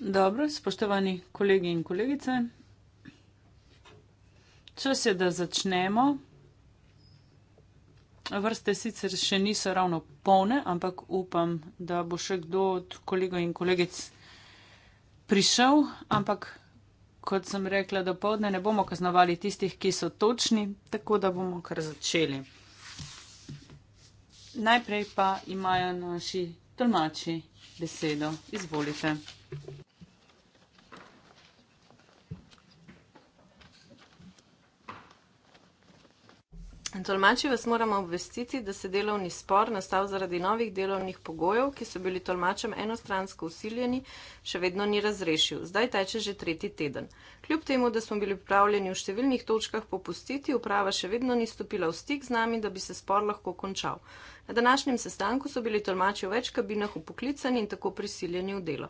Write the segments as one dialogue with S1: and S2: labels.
S1: Dobro, spoštovani kolegi in kolegice. Čas je, da začnemo. Vrste sicer še niso ravno polne, ampak upam, da bo še kdo od kolega in kolegic prišel. Ampak, kot sem rekla, do povdne ne bomo kaznovali tistih, ki so točni, tako da bomo kar začeli najprej pa imajo naši tolmači besedo. Izvolite.
S2: Tolmači vas moramo obvestiti, da se delovni spor nastal zaradi novih delovnih pogojev, ki so bili tolmačem enostransko usiljeni, še vedno ni razrešil. Zdaj teče že tretji teden. Kljub temu, da smo bili pripravljeni v številnih točkah popustiti, uprava še vedno ni stopila v stik z nami, da bi se spor lahko končal. Na današnjem sestanku so bili tolmači v več kabinah upoklicani in tako prisiljeni v delo.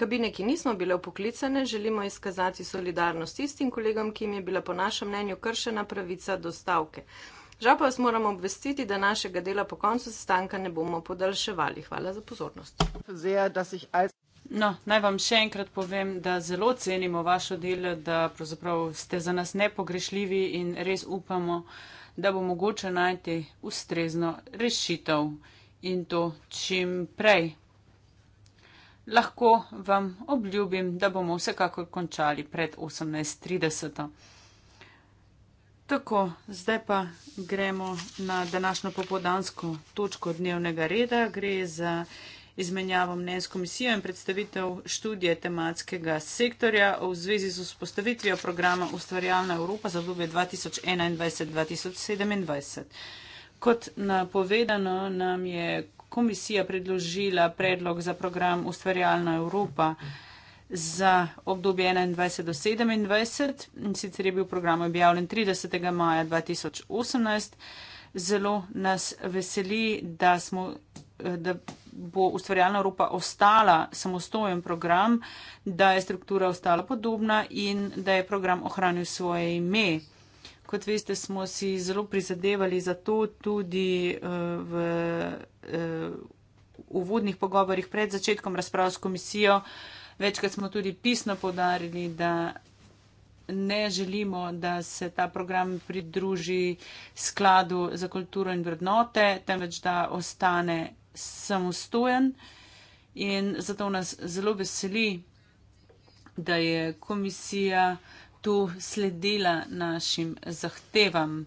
S2: Kabine, ki nismo bile upoklicane, želimo izkazati solidarnost tistim kolegom, ki jim je bila po našem mnenju kršena pravica do stavke. Žal pa vas moramo obvestiti, da našega dela po koncu sestanka ne bomo podaljševali. Hvala za pozornost.
S1: No, naj vam še enkrat povem, da zelo cenimo vašo delo, da ste za nas nepogrešljivi in res upamo, da bo mogoče najti ustrezno rešitev in to čim prej. Lahko vam obljubim, da bomo vsekakor končali pred 18.30. Tako, zdaj pa gremo na današnjo popodansko točko dnevnega reda. Gre za izmenjavo mnenj s komisijo in predstavitev študije tematskega sektorja v zvezi z vzpostavitvijo programa Ustvarjalna Evropa za obdobje 2021-2027. Kot napovedano, nam je komisija predložila predlog za program Ustvarjalna Evropa za obdobje 21 do 27. Sicer je bil program objavljen 30. maja 2018. Zelo nas veseli, da smo. Da bo ustvarjalna Evropa ostala samostojen program, da je struktura ostala podobna in da je program ohranil svoje ime. Kot veste, smo si zelo prizadevali za to tudi eh, eh, v uvodnih pogovorjih pred začetkom razprav s komisijo. Večkrat smo tudi pisno podarili, da ne želimo, da se ta program pridruži skladu za kulturo in vrednote, temveč da ostane samostojen. In zato nas zelo veseli, da je komisija tu sledila našim zahtevam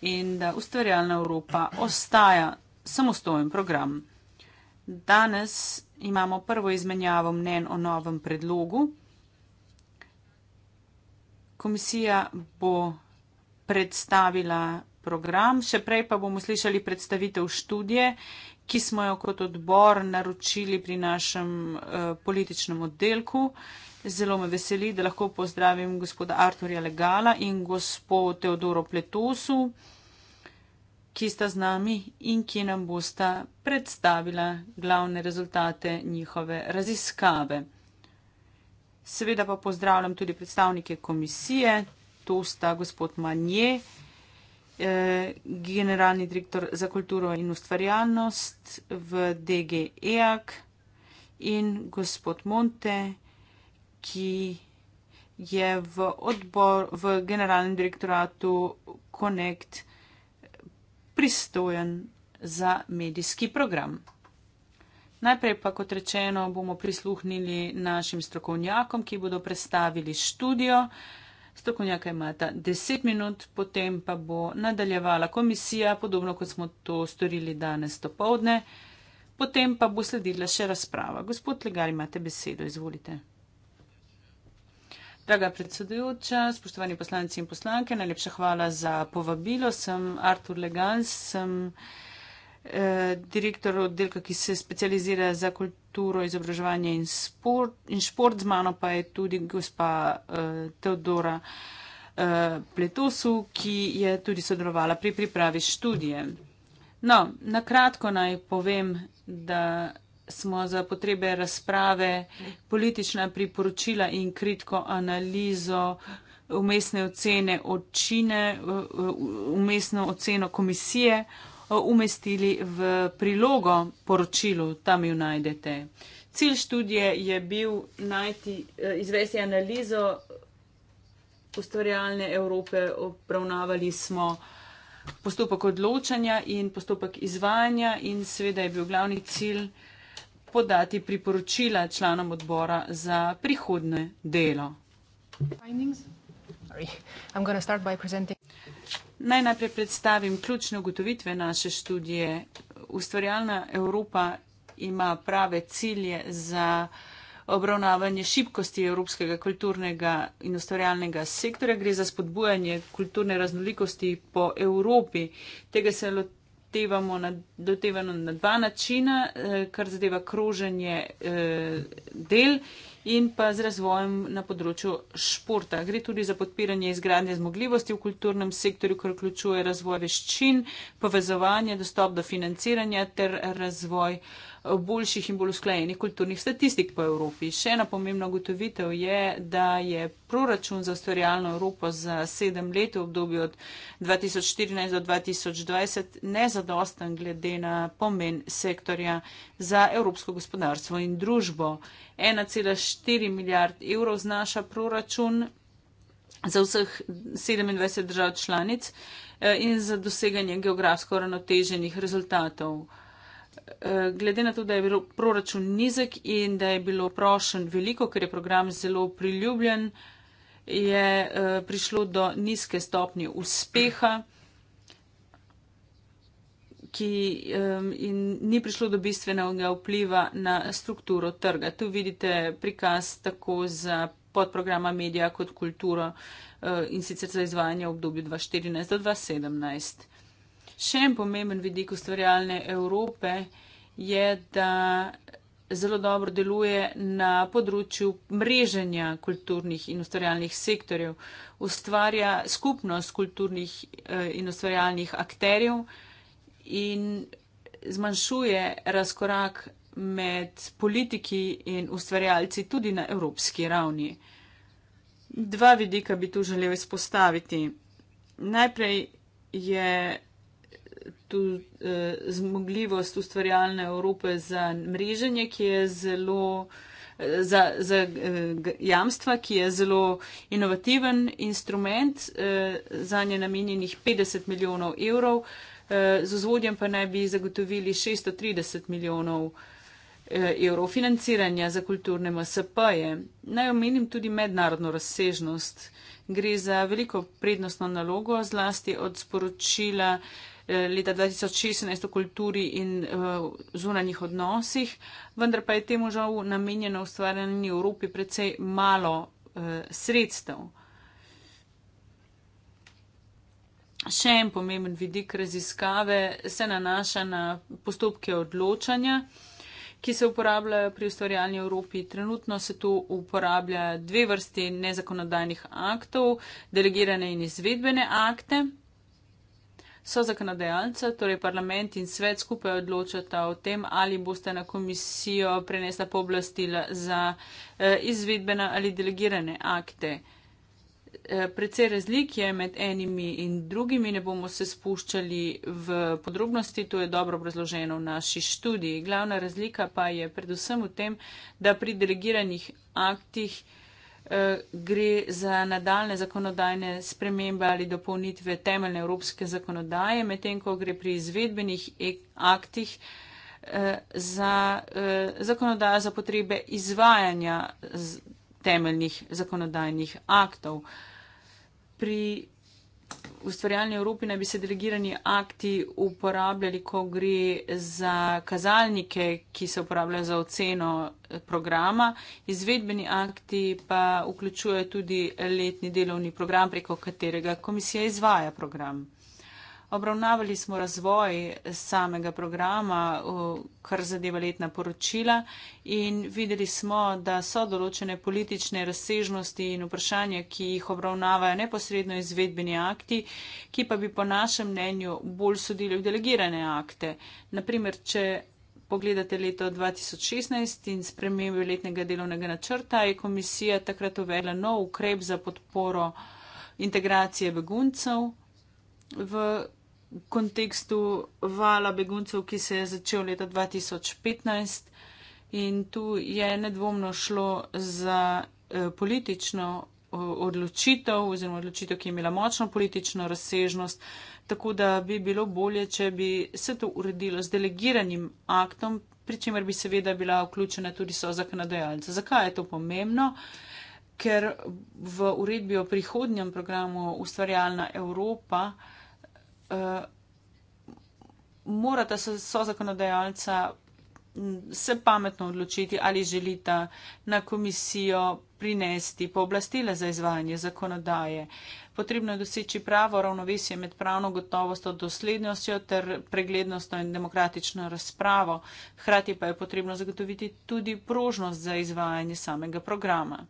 S1: in da ustvarjalna Evropa ostaja samostojen program. Danes imamo prvo izmenjavo mnen o novem predlogu. Komisija bo predstavila program, še prej pa bomo slišali predstavitev študije, ki smo jo kot odbor naročili pri našem uh, političnem oddelku. Zelo me veseli, da lahko pozdravim gospoda Arturja Legala in gospod Teodoro Pletosu ki sta z nami in ki nam bosta predstavila glavne rezultate njihove raziskave. Seveda pa pozdravljam tudi predstavnike komisije, to sta gospod Manje, eh, generalni direktor za kulturo in ustvarjalnost v DG EAK in gospod Monte, ki je v, odbor, v generalnem direktoratu Connect eh, pristojen za medijski program. Najprej pa, kot rečeno, bomo prisluhnili našim strokovnjakom, ki bodo predstavili študijo. Strokovnjaka imata 10 minut, potem pa bo nadaljevala komisija, podobno kot smo to storili danes dopoledne, potem pa bo sledila še razprava. Gospod Legar, imate besedo, izvolite. Draga predsedujoča, spoštovani poslanci in poslanke, najlepša hvala za povabilo. Sem Artur Legans, sem eh, direktor oddelka, ki se specializira za kulturo, izobraževanje in, spor, in šport. Z mano pa je tudi gospa uh, Teodora uh, Pletosu, ki je tudi sodelovala pri pripravi študije. No, na kratko naj povem, da smo za potrebe razprave politična priporočila in kritiko analizo umestne ocene očine, umestno oceno komisije umestili v prilogo poročilu, tam jo najdete. Cilj študije je bil najti, e, izvesti analizo ustvarjalne Evrope, obravnavali smo postopek odločanja in postopek izvajanja in seveda je bil glavni cilj podati priporočila članom odbora za prihodne delo. Naj najprej predstavim ključne ugotovitve naše študije. Ustvarjalna Evropa ima prave cilje za obravnavanje šibkosti evropskega kulturnega in ustvarjalnega sektorja. Gre za spodbujanje kulturne raznolikosti po Evropi. Tega se lotimo dotevamo na, dotevano na dva načina, eh, kar zadeva kroženje eh, del in pa z razvojem na področju športa. Gre tudi za podpiranje izgradnje zmogljivosti v kulturnem sektorju, kar vključuje razvoj veščin, povezovanje, dostop do financiranja ter razvoj. Eh, boljših in bolj usklajenih kulturnih statistik po Evropi. Še ena pomembna gotovitev je, da je proračun za ustvarjalno Evropo za sedem let v obdobju od 2014 do 2020 nezadosten glede na pomen sektorja za evropsko gospodarstvo in družbo. 1,4 milijard evrov znaša proračun za vseh 27 držav članic eh, in za doseganje geografsko ravnoteženih rezultatov. Eh, glede na to, da je bil proračun nizek in da je bilo prošen veliko, ker je program zelo priljubljen, je eh, prišlo do nizke stopnje uspeha ki um, in ni prišlo do bistvenega vpliva na strukturo trga. Tu vidite prikaz tako za podprograma medija kot kulturo uh, in sicer za izvajanje v obdobju 2014 do 2017. Še en pomemben vidik ustvarjalne Evrope je, da zelo dobro deluje na področju mreženja kulturnih in ustvarjalnih sektorjev. Ustvarja skupnost kulturnih eh, in ustvarjalnih akterjev in zmanjšuje razkorak med politiki in ustvarjalci tudi na evropski ravni. Dva vidika bi tu želel izpostaviti. Najprej je tu e, zmogljivost ustvarjalne Evrope za mreženje, ki je zelo, eh, za, za e, jamstva, ki je zelo inovativen instrument, e, za nje namenjenih 50 milijonov evrov, e, z vzvodjem pa naj bi zagotovili 630 milijonov evrov financiranja za kulturne MSP-je. Naj omenim tudi mednarodno razsežnost. Gre za veliko prednostno nalogo, zlasti od sporočila, Eh, leta 2016 o kulturi in uh, zunanjih odnosih, vendar pa je temu žal namenjeno ustvarjanje Evropi precej malo uh, sredstev. Še en pomemben vidik raziskave se nanaša na postopke odločanja, ki se uporabljajo pri ustvarjalni Evropi. Trenutno se tu uporabljajo dve vrsti nezakonodajnih aktov, delegirane in izvedbene akte so zakonodajalce, torej parlament in svet skupaj odločata o tem, ali boste na komisijo prenesla pooblastila za eh, izvedbene ali delegirane akte. Eh, Predvsej razlik je med enimi in drugimi, ne bomo se spuščali v podrobnosti, to je dobro obrazloženo v naši študiji. Glavna razlika pa je predvsem v tem, da pri delegiranih aktih Eh, gre za nadaljne zakonodajne spremembe ali dopolnitve temeljne evropske zakonodaje, medtem ko gre pri izvedbenih aktih eh, za eh, zakonodajo za potrebe izvajanja temeljnih zakonodajnih aktov. Pri V ustvarjalni Evropi naj bi se delegirani akti uporabljali, ko gre za kazalnike, ki se uporabljajo za oceno eh, programa. Izvedbeni akti pa vključujejo tudi letni delovni program, preko katerega komisija izvaja program. Obravnavali smo razvoj samega programa, kar zadeva letna poročila in videli smo, da so določene politične razsežnosti in vprašanja, ki jih obravnavajo neposredno izvedbeni akti, ki pa bi po našem mnenju bolj sodili v delegirane akte. Naprimer, če pogledate leto 2016 in spremembe letnega delovnega načrta, je komisija takrat uvedla nov ukrep za podporo integracije beguncev. V kontekstu vala beguncev, ki se je začel leta 2015 in tu je nedvomno šlo za eh, politično odločitev oziroma odločitev, ki je imela močno politično razsežnost, tako da bi bilo bolje, če bi se to uredilo z delegiranim aktom, pri čemer bi seveda bila vključena tudi so zakonodajalce. Zakaj je to pomembno? Ker v uredbi o prihodnjem programu Ustvarjalna Evropa uh, morata se so zakonodajalca se pametno odločiti, ali želita na komisijo prinesti pooblastila za izvajanje zakonodaje. Potrebno je doseči pravo ravnovesje med pravno gotovostjo, doslednostjo ter preglednostjo in demokratično razpravo. Hrati pa je potrebno zagotoviti tudi prožnost za izvajanje samega programa.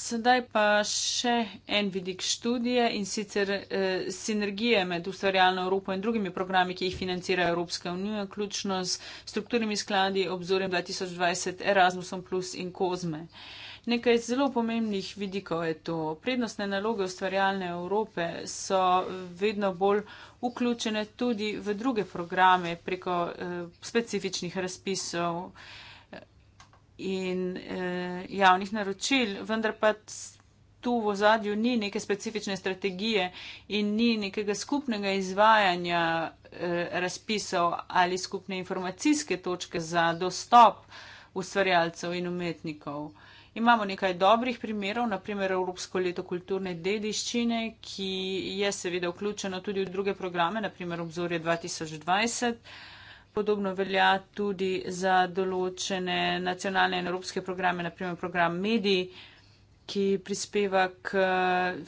S1: Sedaj pa še en vidik študije in sicer eh, sinergije med ustvarjalno Evropo in drugimi programi, ki jih financira Evropska unija, vključno s strukturnimi skladi obzorjem 2020, Erasmusom plus in Kozme. Nekaj zelo pomembnih vidikov je to. Prednostne naloge ustvarjalne Evrope so vedno bolj vključene tudi v druge programe preko eh, specifičnih razpisov. Eh, in eh, javnih naročil, vendar pa tu v zadju ni neke specifične strategije in ni nekega skupnega izvajanja eh, razpisov ali skupne informacijske točke za dostop ustvarjalcev in umetnikov. Imamo nekaj dobrih primerov, naprimer Evropsko leto kulturne dediščine, ki je seveda vključeno tudi v druge programe, naprimer obzorje 2020. Podobno velja tudi za določene nacionalne in evropske programe, naprimer program Mediji, ki prispeva k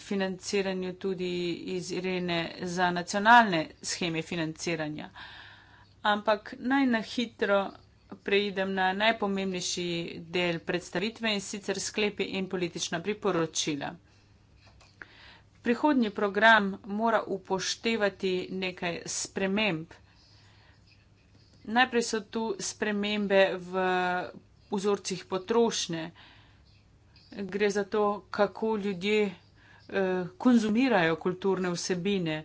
S1: financiranju tudi iz Irene za nacionalne scheme financiranja. Ampak naj na hitro preidem na najpomembnejši del predstavitve in sicer sklepe in politična priporočila. Prihodnji program mora upoštevati nekaj sprememb Najprej so tu spremembe v vzorcih potrošnje. Gre za to, kako ljudje eh, konzumirajo kulturne vsebine.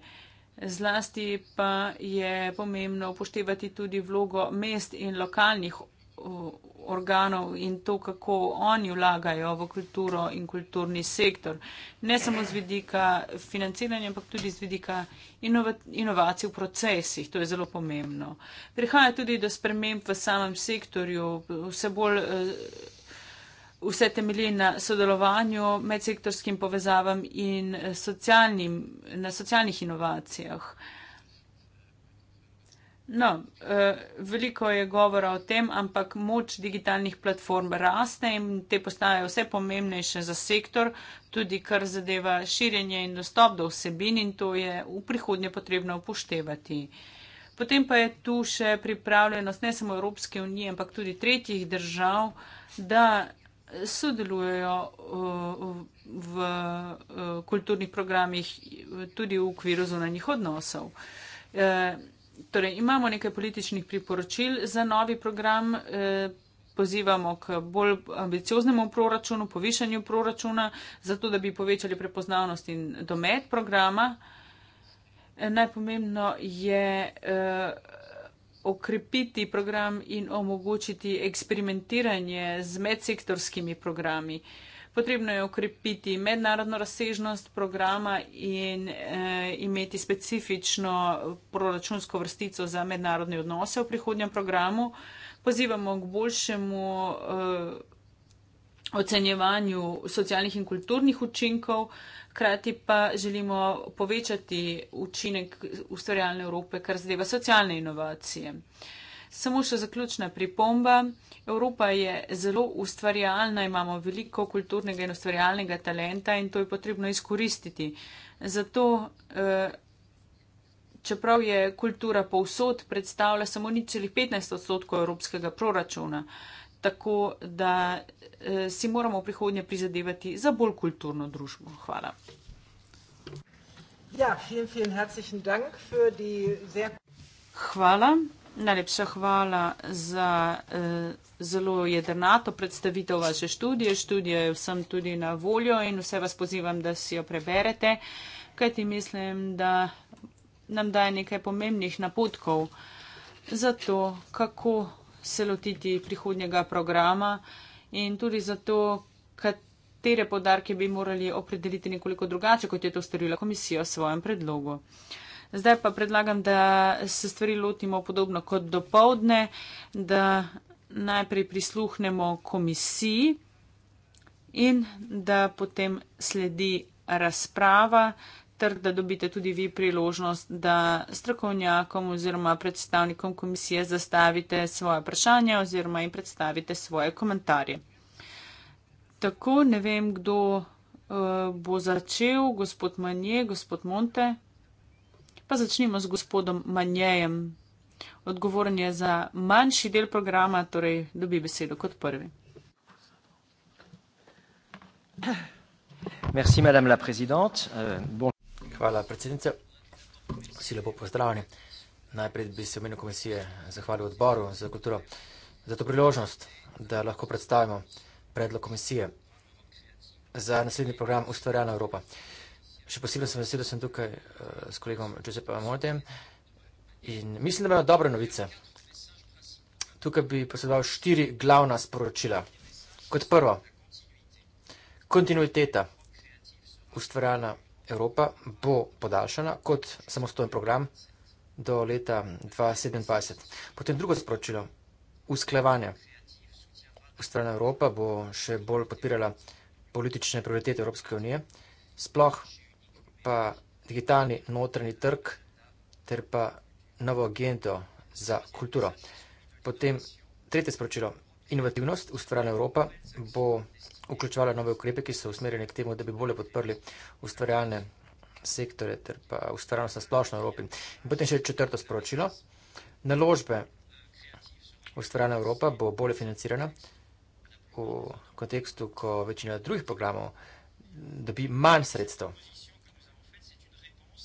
S1: Zlasti pa je pomembno upoštevati tudi vlogo mest in lokalnih Eh, organov in to, kako oni vlagajo v kulturo in kulturni sektor. Ne samo z vidika financiranja, ampak tudi z vidika inovacij v procesih. To je zelo pomembno. Prihaja tudi do sprememb v samem sektorju. Vse bolj eh, vse temelji na sodelovanju med sektorskim povezavam in eh, socialnim, na socialnih inovacijah. No, eh, veliko je govora o tem, ampak moč digitalnih platform raste in te postajajo vse pomembnejše za sektor, tudi kar zadeva širjenje in dostop do vsebin in to je v prihodnje potrebno upoštevati. Potem pa je tu še pripravljenost ne samo Evropske unije, ampak tudi tretjih držav, da sodelujejo eh, v eh, kulturnih programih tudi v okviru zunanjih odnosov torej imamo nekaj političnih priporočil za novi program, eh, pozivamo k bolj ambicioznemu proračunu, povišanju proračuna, zato da bi povečali prepoznavnost in domet programa. Eh, najpomembno je eh, okrepiti program in omogočiti eksperimentiranje z medsektorskimi programi. Uh, Potrebno je ukrepiti mednarodno razsežnost programa in e, imeti specifično proračunsko vrstico za mednarodne odnose v prihodnjem programu. Pozivamo k boljšemu e, ocenjevanju socialnih in kulturnih učinkov, krati pa želimo povečati učinek ustvarjalne Evrope, kar zadeva socialne inovacije. Samo še zaključna pripomba. Evropa je zelo ustvarjalna, imamo veliko kulturnega in ustvarjalnega talenta in to je potrebno izkoristiti. Zato, eh, čeprav je kultura povsod, predstavlja samo ničelih 15 odstotkov evropskega proračuna, tako da eh, si moramo v prihodnje prizadevati za bolj kulturno družbo. Hvala.
S3: Ja, vielen, vielen herzlichen Dank für die sehr...
S1: Hvala, najlepša hvala za. Uh, zelo jedrnato predstavitev vaše študije. Študija je vsem tudi na voljo in vse vas pozivam, da si jo preberete, kajti mislim, da nam daje nekaj pomembnih napotkov za to, kako se lotiti prihodnjega programa in tudi za to, katere podarke bi morali opredeliti nekoliko drugače, kot je to storila komisija v svojem predlogu. Zdaj pa predlagam, da se stvari lotimo podobno kot do povdne, da najprej prisluhnemo komisiji in da potem sledi razprava ter da dobite tudi vi priložnost, da strokovnjakom oziroma predstavnikom komisije zastavite svoje vprašanje oziroma jim predstavite svoje komentarje. Tako ne vem, kdo uh, bo začel, gospod Manje, gospod Monte. Pa začnimo z gospodom Manjejem odgovoren je za manjši del programa, torej dobi besedo kot prvi.
S3: Merci, la uh, bon... Hvala, predsednica. Vsi lepo pozdravljeni. Najprej bi se v imenu komisije zahvalil odboru za kulturo za to priložnost, da lahko predstavimo predlog komisije za naslednji program Ustvarjalna Evropa. Še posebej sem vesel, da sem tukaj uh, s kolegom Giuseppe Amodem, uh, In mislim, da imajo dobre novice. Tukaj bi posedoval štiri glavna sporočila. Kot prvo, kontinuiteta ustvarjana Evropa bo podaljšana kot samostojen program do leta 2027. Potem drugo sporočilo, usklevanje. Ustvarjena Evropa bo še bolj podpirala politične prioritete Evropske unije, sploh pa digitalni notranji trg ter pa novo agendo za kulturo. Potem tretje sporočilo. Inovativnost, ustvarjalna Evropa bo vključevala nove ukrepe, ki so usmerjene k temu, da bi bolje podprli ustvarjalne sektore ter pa ustvarjalnost na splošno Evropi. In potem še četrto sporočilo. Naložbe, ustvarjalna Evropa bo bolje financirana v kontekstu, ko večina drugih programov dobi manj sredstev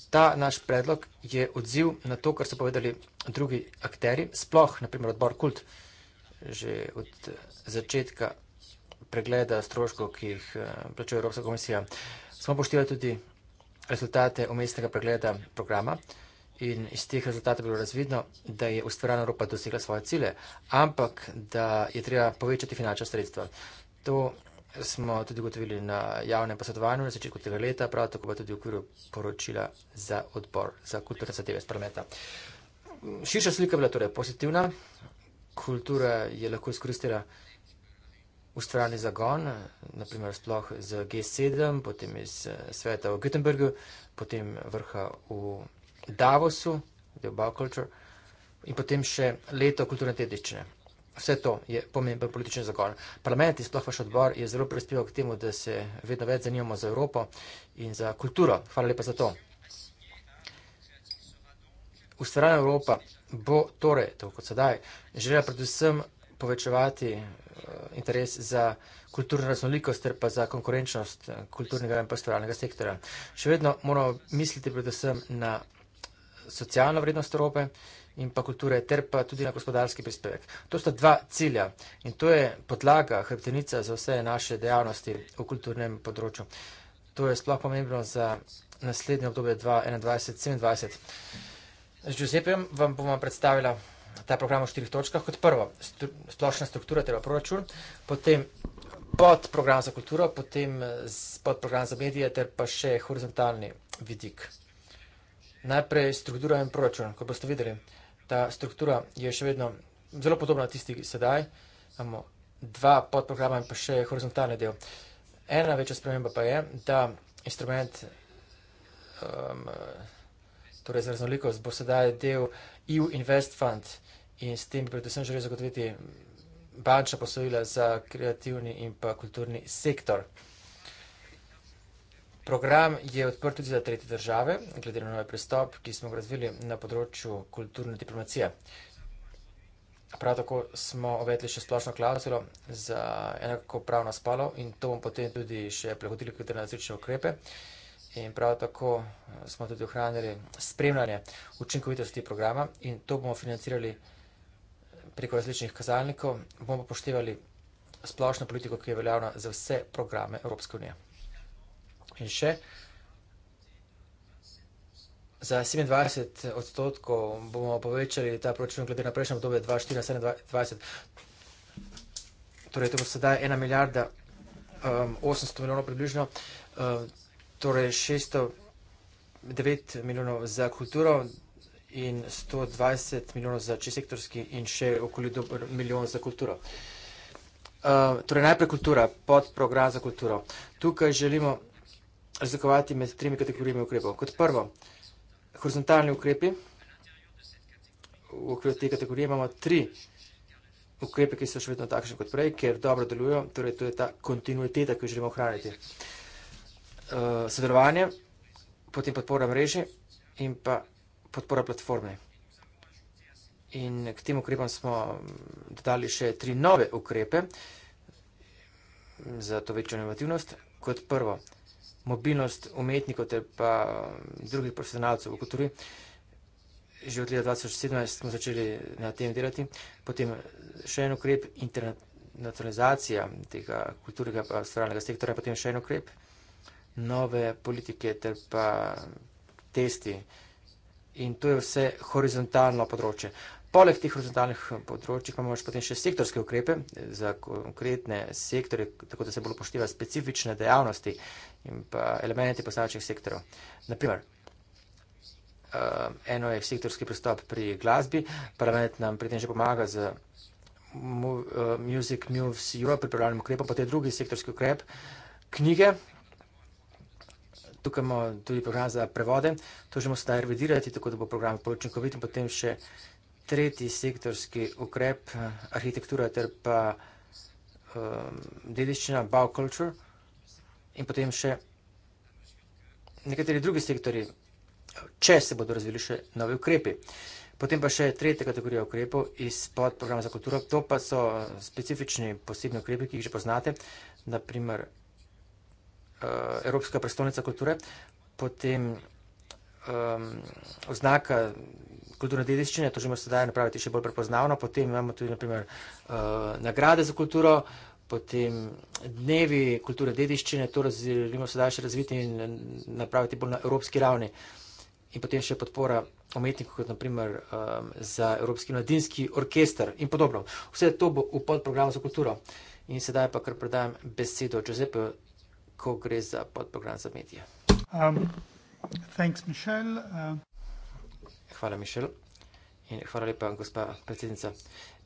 S3: ta naš predlog je odziv na to, kar so povedali drugi akteri, sploh, naprimer, odbor Kult, že od začetka pregleda stroškov, ki jih eh, plačuje Evropska komisija. Smo poštevali tudi rezultate umestnega pregleda programa in iz teh rezultatov je bilo razvidno, da je ustvarjena Evropa dosegla svoje cilje, ampak da je treba povečati finančne sredstva. To je smo tudi gotovili na javnem posvetovanju na začetku tega leta, prav tako pa tudi v okviru poročila za odbor za kulturne zadeve iz parlamenta. Širša slika je bila torej pozitivna, kultura je lahko izkoristila ustvarjalni zagon, naprimer sploh z G7, potem iz eh, sveta v Göteborgu, potem vrha v Davosu, The Bow Culture, in potem še leto kulturne dediščine vse to je pomemben političen zagon. Parlament in sploh vaš odbor je zelo prispeval k temu, da se vedno več zanimamo za Evropo in za kulturo. Hvala lepa za to. Ustvarjena Evropa bo torej, tako kot sedaj, želela predvsem povečevati eh, interes za kulturno raznolikost ter pa za konkurenčnost eh, kulturnega in pastoralnega sektora. Še vedno moramo misliti predvsem na socialno vrednost Evrope in pa kulture, ter pa tudi na gospodarski prispevek. To sta dva cilja in to je podlaga, hrbtenica za vse naše dejavnosti v kulturnem področju. To je sploh pomembno za naslednje obdobje 2021-2027. Z Giusepem vam bomo predstavila ta program v štirih točkah. Kot prvo, stru, splošna struktura tega proračun, potem pod program za kulturo, potem pod program za medije ter pa še horizontalni vidik. Najprej struktura in proračun, kot boste videli ta struktura je še vedno zelo podobna tisti, ki sedaj. Imamo dva podprograma in pa še horizontalni del. Ena večja sprememba pa je, da instrument um, torej za raznolikost bo sedaj del EU Invest Fund in s tem predvsem želi zagotoviti bančna posojila za kreativni in pa kulturni sektor. Program je odprt tudi za tretje države, glede na nove pristop, ki smo ga razvili na področju kulturne diplomacije. Prav tako smo uvedli še splošno klauzulo za enako pravno spalo in to bomo potem tudi še prehodili kot različne ukrepe. In prav tako eh, smo tudi ohranili spremljanje učinkovitosti programa in to bomo financirali eh, preko različnih kazalnikov, bomo poštevali splošno politiko, ki je veljavna za vse programe Evropske unije. In še za 27 odstotkov bomo povečali ta proračun glede na prejšnje obdobje 2,4-7,20. Torej, to bo sedaj 1 milijarda 800 um, milijonov približno, um, torej 609 milijonov za kulturo in 120 milijonov za čezsektorski in še okoli dober milijon za kulturo. Uh, torej najprej kultura, podprogram za kulturo. Tukaj želimo razlikovati med tremi kategorijami ukrepov. Kot prvo, horizontalni ukrepi. V okviru te kategorije imamo tri ukrepe, ki so še vedno takšni kot prej, ker dobro delujejo, torej to je ta kontinuiteta, ki jo želimo ohraniti. Uh, sodelovanje, potem podpora mreži in pa podpora platforme. In k tem ukrepom smo dodali še tri nove ukrepe za to večjo inovativnost. Kot prvo, mobilnost umetnikov ter pa um, drugih profesionalcev v kulturi. Že od leta 2017 smo začeli na tem delati. Potem uh, še en ukrep, internacionalizacija tega kulturnega uh, stvarnega sektora, potem še en ukrep, nove politike ter pa testi. In to je vse horizontalno področje. Poleg teh horizontalnih eh, področji imamo potem še sektorske ukrepe eh, za konkretne sektore, tako da se bolj upošteva specifične dejavnosti in pa elemente posameznih sektorov. Naprimer, eh, eno je sektorski pristop pri glasbi, parlament nam pri tem že pomaga z Music Moves Europe pripravljanjem ukrepov, potem drugi sektorski ukrep, knjige, tukaj imamo tudi program za prevode, to želimo sedaj revidirati, tako da bo program bolj učinkovit in potem še nekaj tretji sektorski ukrep, arhitektura ter pa um, dediščina, bauculture in potem še nekateri drugi sektori, če se bodo razvili še nove ukrepi. Potem pa še tretja kategorija ukrepov iz podprograma za kulturo. To pa so uh, specifični posebni ukrepi, ki jih že poznate, naprimer uh, Evropska prestolnica kulture, potem um, oznaka kulturne dediščine, to želimo sedaj napraviti še bolj prepoznavno. Potem imamo tudi naprimer, uh, eh, nagrade za kulturo, potem dnevi kulturne dediščine, to želimo sedaj še razviti in napraviti bolj na evropski ravni. In potem še podpora umetnikov, kot naprimer um, za Evropski mladinski orkester in podobno. Vse to bo v podprogramu za kulturo. In sedaj pa kar predajam besedo Giuseppe, ko gre za podprogram za medije.
S2: Um, thanks, Michel. Uh...
S3: Hvala, Mišel. In hvala lepa, gospa predsednica.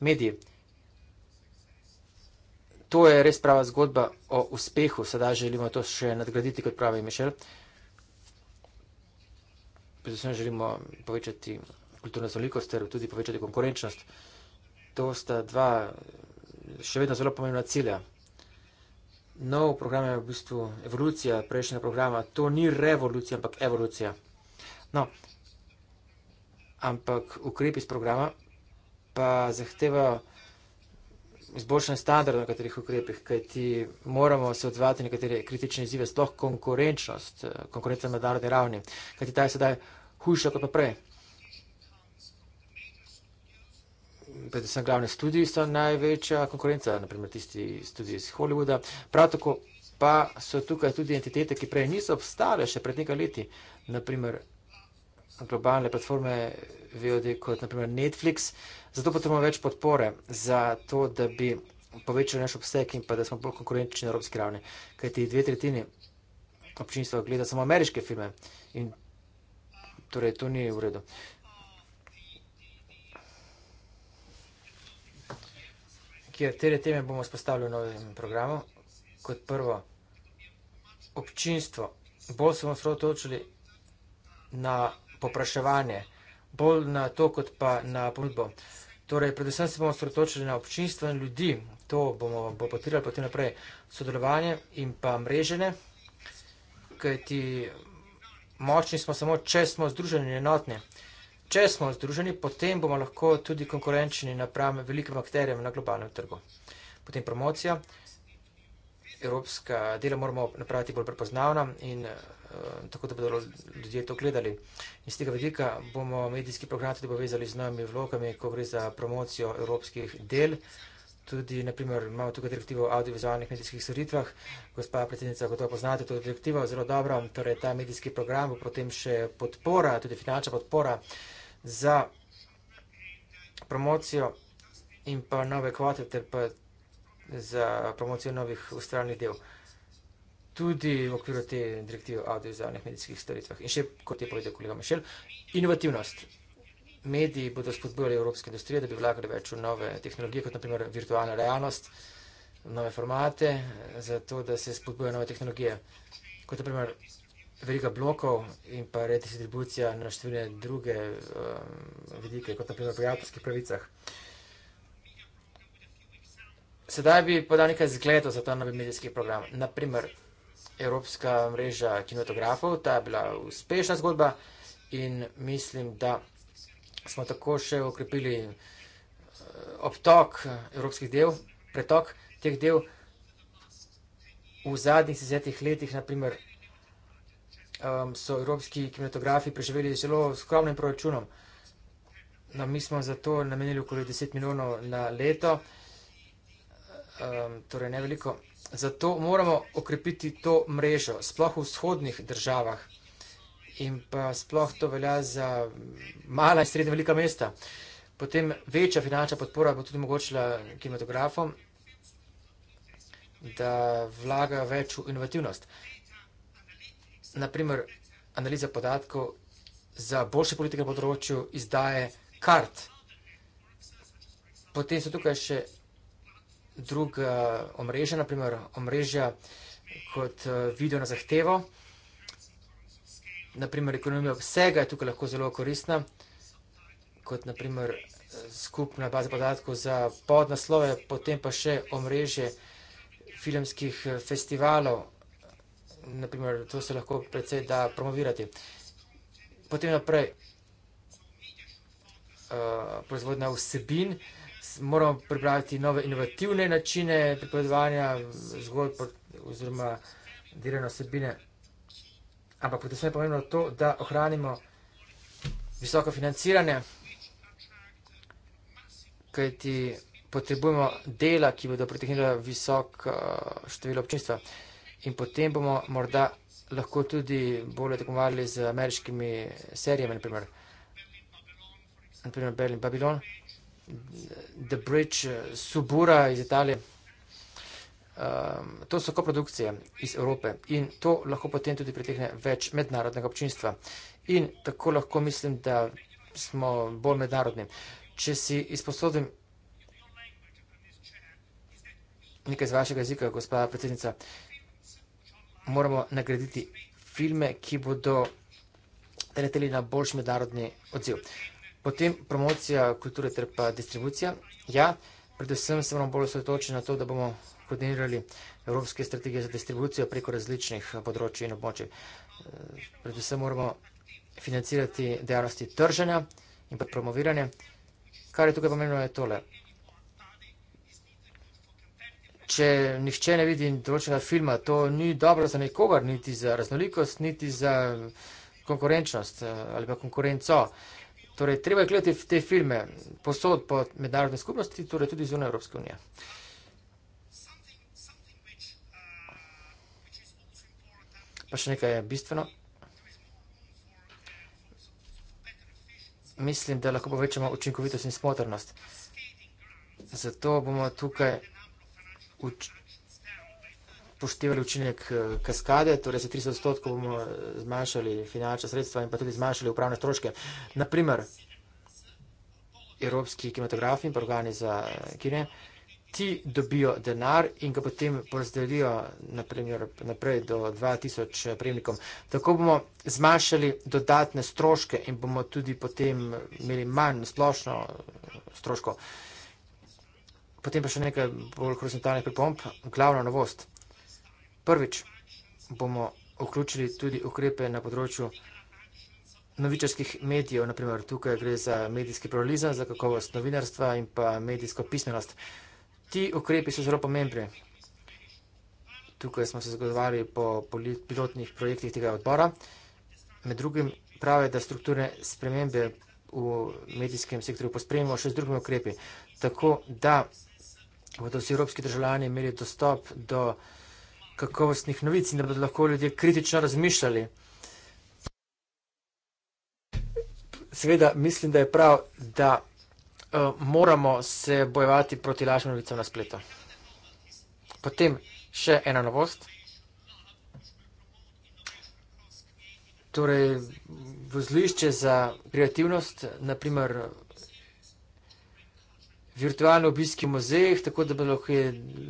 S3: Mediji. To je res prava zgodba o uspehu. Sedaj želimo to še nadgraditi, kot pravi Mišel. Predvsem želimo povečati kulturno zalikost ter tudi povečati konkurenčnost. To sta dva še vedno zelo pomembna cilja. Nov program je v bistvu evolucija prejšnjega programa. To ni revolucija, ampak evolucija. No, ampak ukrep iz programa pa zahteva izboljšanje standarda na katerih ukrepih, kajti moramo se odzvati na nekatere kritične izzive, sploh konkurenčnost, eh, konkurenca na mednarodni ravni, kajti ta je sedaj hujša kot pa prej. Predvsem glavne studije so največja konkurenca, naprimer tisti studije iz Hollywooda. Prav tako pa so tukaj tudi entitete, ki prej niso obstale še pred nekaj leti, naprimer globalne platforme VOD kot naprimer Netflix, zato potrebujemo več podpore za to, da bi povečali naš obseg in pa da smo bolj konkurenčni na evropski ravni. Kaj ti dve tretjini občinstva gleda samo ameriške filme in torej to ni v redu. Kjer teme bomo spostavili v novem programu? Kot prvo, občinstvo. Bolj se bomo sredotočili na popraševanje, bolj na to, kot pa na ponudbo. Torej, predvsem se bomo sredotočili na občinstvo in ljudi, to bomo bo potirali potem naprej, sodelovanje in pa mrežene, kajti močni smo samo, če smo združeni in enotni. Če smo združeni, potem bomo lahko tudi konkurenčni napram velikim akterjem na globalnem trgu. Potem promocija, evropska dela moramo napraviti bolj prepoznavna in Eh, tako da bodo ljudje to gledali. Iz tega vidika bomo medijski program tudi povezali z novimi vlogami, ko gre za promocijo evropskih del. Tudi, naprimer, imamo tukaj direktivo o audiovizualnih medijskih storitvah. Gospa predsednica, gotovo poznate to direktivo, zelo dobro. Torej, ta medijski program bo potem še podpora, tudi finančna podpora za promocijo in pa nove kvote ter pa za promocijo novih ustranih delov tudi v okviru te direktive o audiovizualnih medijskih storitvah. In še kot je povedal kolega Mišel, inovativnost. Mediji bodo spodbujali evropske industrije, da bi vlagali več v nove tehnologije, kot naprimer virtualna realnost, nove formate, zato da se spodbuja nove tehnologije, kot naprimer veliko blokov in pa redistribucija na številne druge um, vidike, kot naprimer pri avtorskih pravicah. Sedaj bi podal nekaj zgledov za ta novi medijski program. Naprimer, Evropska mreža kinematografov, ta je bila uspešna zgodba in mislim, da smo tako še okrepili eh, obtok evropskih del, pretok teh del. V zadnjih desetih letih, naprimer, ehm, so evropski kinematografi preživeli zelo skromnim proračunom. No, mi smo za to namenili okoli 10 milijonov na leto, ehm, torej ne veliko. Zato moramo okrepiti to mrežo, sploh v vzhodnih državah in pa sploh to velja za mala in srednja velika mesta. Potem večja finančna podpora bo tudi mogočila kinematografom, da vlaga več v inovativnost. Naprimer, analiza podatkov za boljše politike na področju izdaje kart. Potem so tukaj še druga eh, omrežja, naprimer omrežja kot eh, video na zahtevo. Naprimer, ekonomija vsega je tukaj lahko zelo koristna, kot naprimer skupna baza podatkov za podnaslove, potem pa še omrežje filmskih eh, festivalov. Naprimer, to se lahko precej da promovirati. Potem naprej uh, proizvodnja vsebin. Uh, moramo pripraviti nove inovativne načine pripovedovanja zgodb oziroma delene osebine. Ampak predvsem je pomembno to, da ohranimo visoko financiranje, kajti potrebujemo dela, ki bodo pritehnila visok eh, število občinstva. In potem bomo morda lahko tudi bolje tekmovali z ameriškimi serijami, naprimer, naprimer Berlin Babylon. The Bridge, eh, Subura iz Italije. Um, to so koprodukcije iz Evrope in to lahko potem tudi pritehne več mednarodnega občinstva. In tako lahko mislim, da smo bolj mednarodni. Če si izposodim nekaj iz vašega jezika, gospoda predsednica, moramo nagraditi filme, ki bodo teleteli na boljši mednarodni odziv. Uh, Potem promocija kulture ter pa distribucija. Ja, predvsem se moramo bolj osredotočiti na to, da bomo koordinirali evropske strategije za distribucijo preko različnih eh, področji in območij. Eh, predvsem moramo financirati dejavnosti trženja in pa promoviranje. Kar je tukaj pomenilo je tole. Če nihče ne vidi določenega filma, to ni dobro za nekogar, niti za raznolikost, niti za konkurenčnost eh, ali pa konkurenco. Konkurenco. Torej, treba je gledati te filme posod po mednarodni skupnosti, torej tudi zunaj Evropske unije. Pa še nekaj je bistveno. Mislim, da lahko povečamo učinkovitost in smotrnost. Zato bomo tukaj učinkovitost upoštevali učinek eh, kaskade, torej za 300 odstotkov bomo eh, zmanjšali finančne sredstva in pa tudi zmanjšali upravne stroške. Naprimer, evropski kinematografi in organi za eh, kine, ti dobijo denar in ga potem porazdelijo naprimer, naprej do 2000 prejemnikom. Tako bomo zmanjšali dodatne stroške in bomo tudi potem imeli manj splošno stroško. Potem pa še nekaj bolj horizontalnih pripomb. Glavna novost. Prvič bomo vključili tudi ukrepe na področju novičarskih medijev, naprimer tukaj gre za medijski pluralizem, za kakovost novinarstva in pa medijsko pismenost. Ti ukrepi so zelo pomembni. Tukaj smo se zgodovali po pilotnih projektih tega odbora. Med drugim prave, da strukturne spremembe v medijskem sektorju pospremimo še z drugimi ukrepi, tako da bodo vsi evropski državljani imeli dostop do medijskih, kakovostnih novic in da bodo lahko ljudje kritično razmišljali. Seveda mislim, da je prav, da uh, moramo se bojevati proti lažnim novicam na spletu. Potem še ena novost. Torej, vozlišče za kreativnost, naprimer virtualne obiske v muzejih, tako da bi lahko,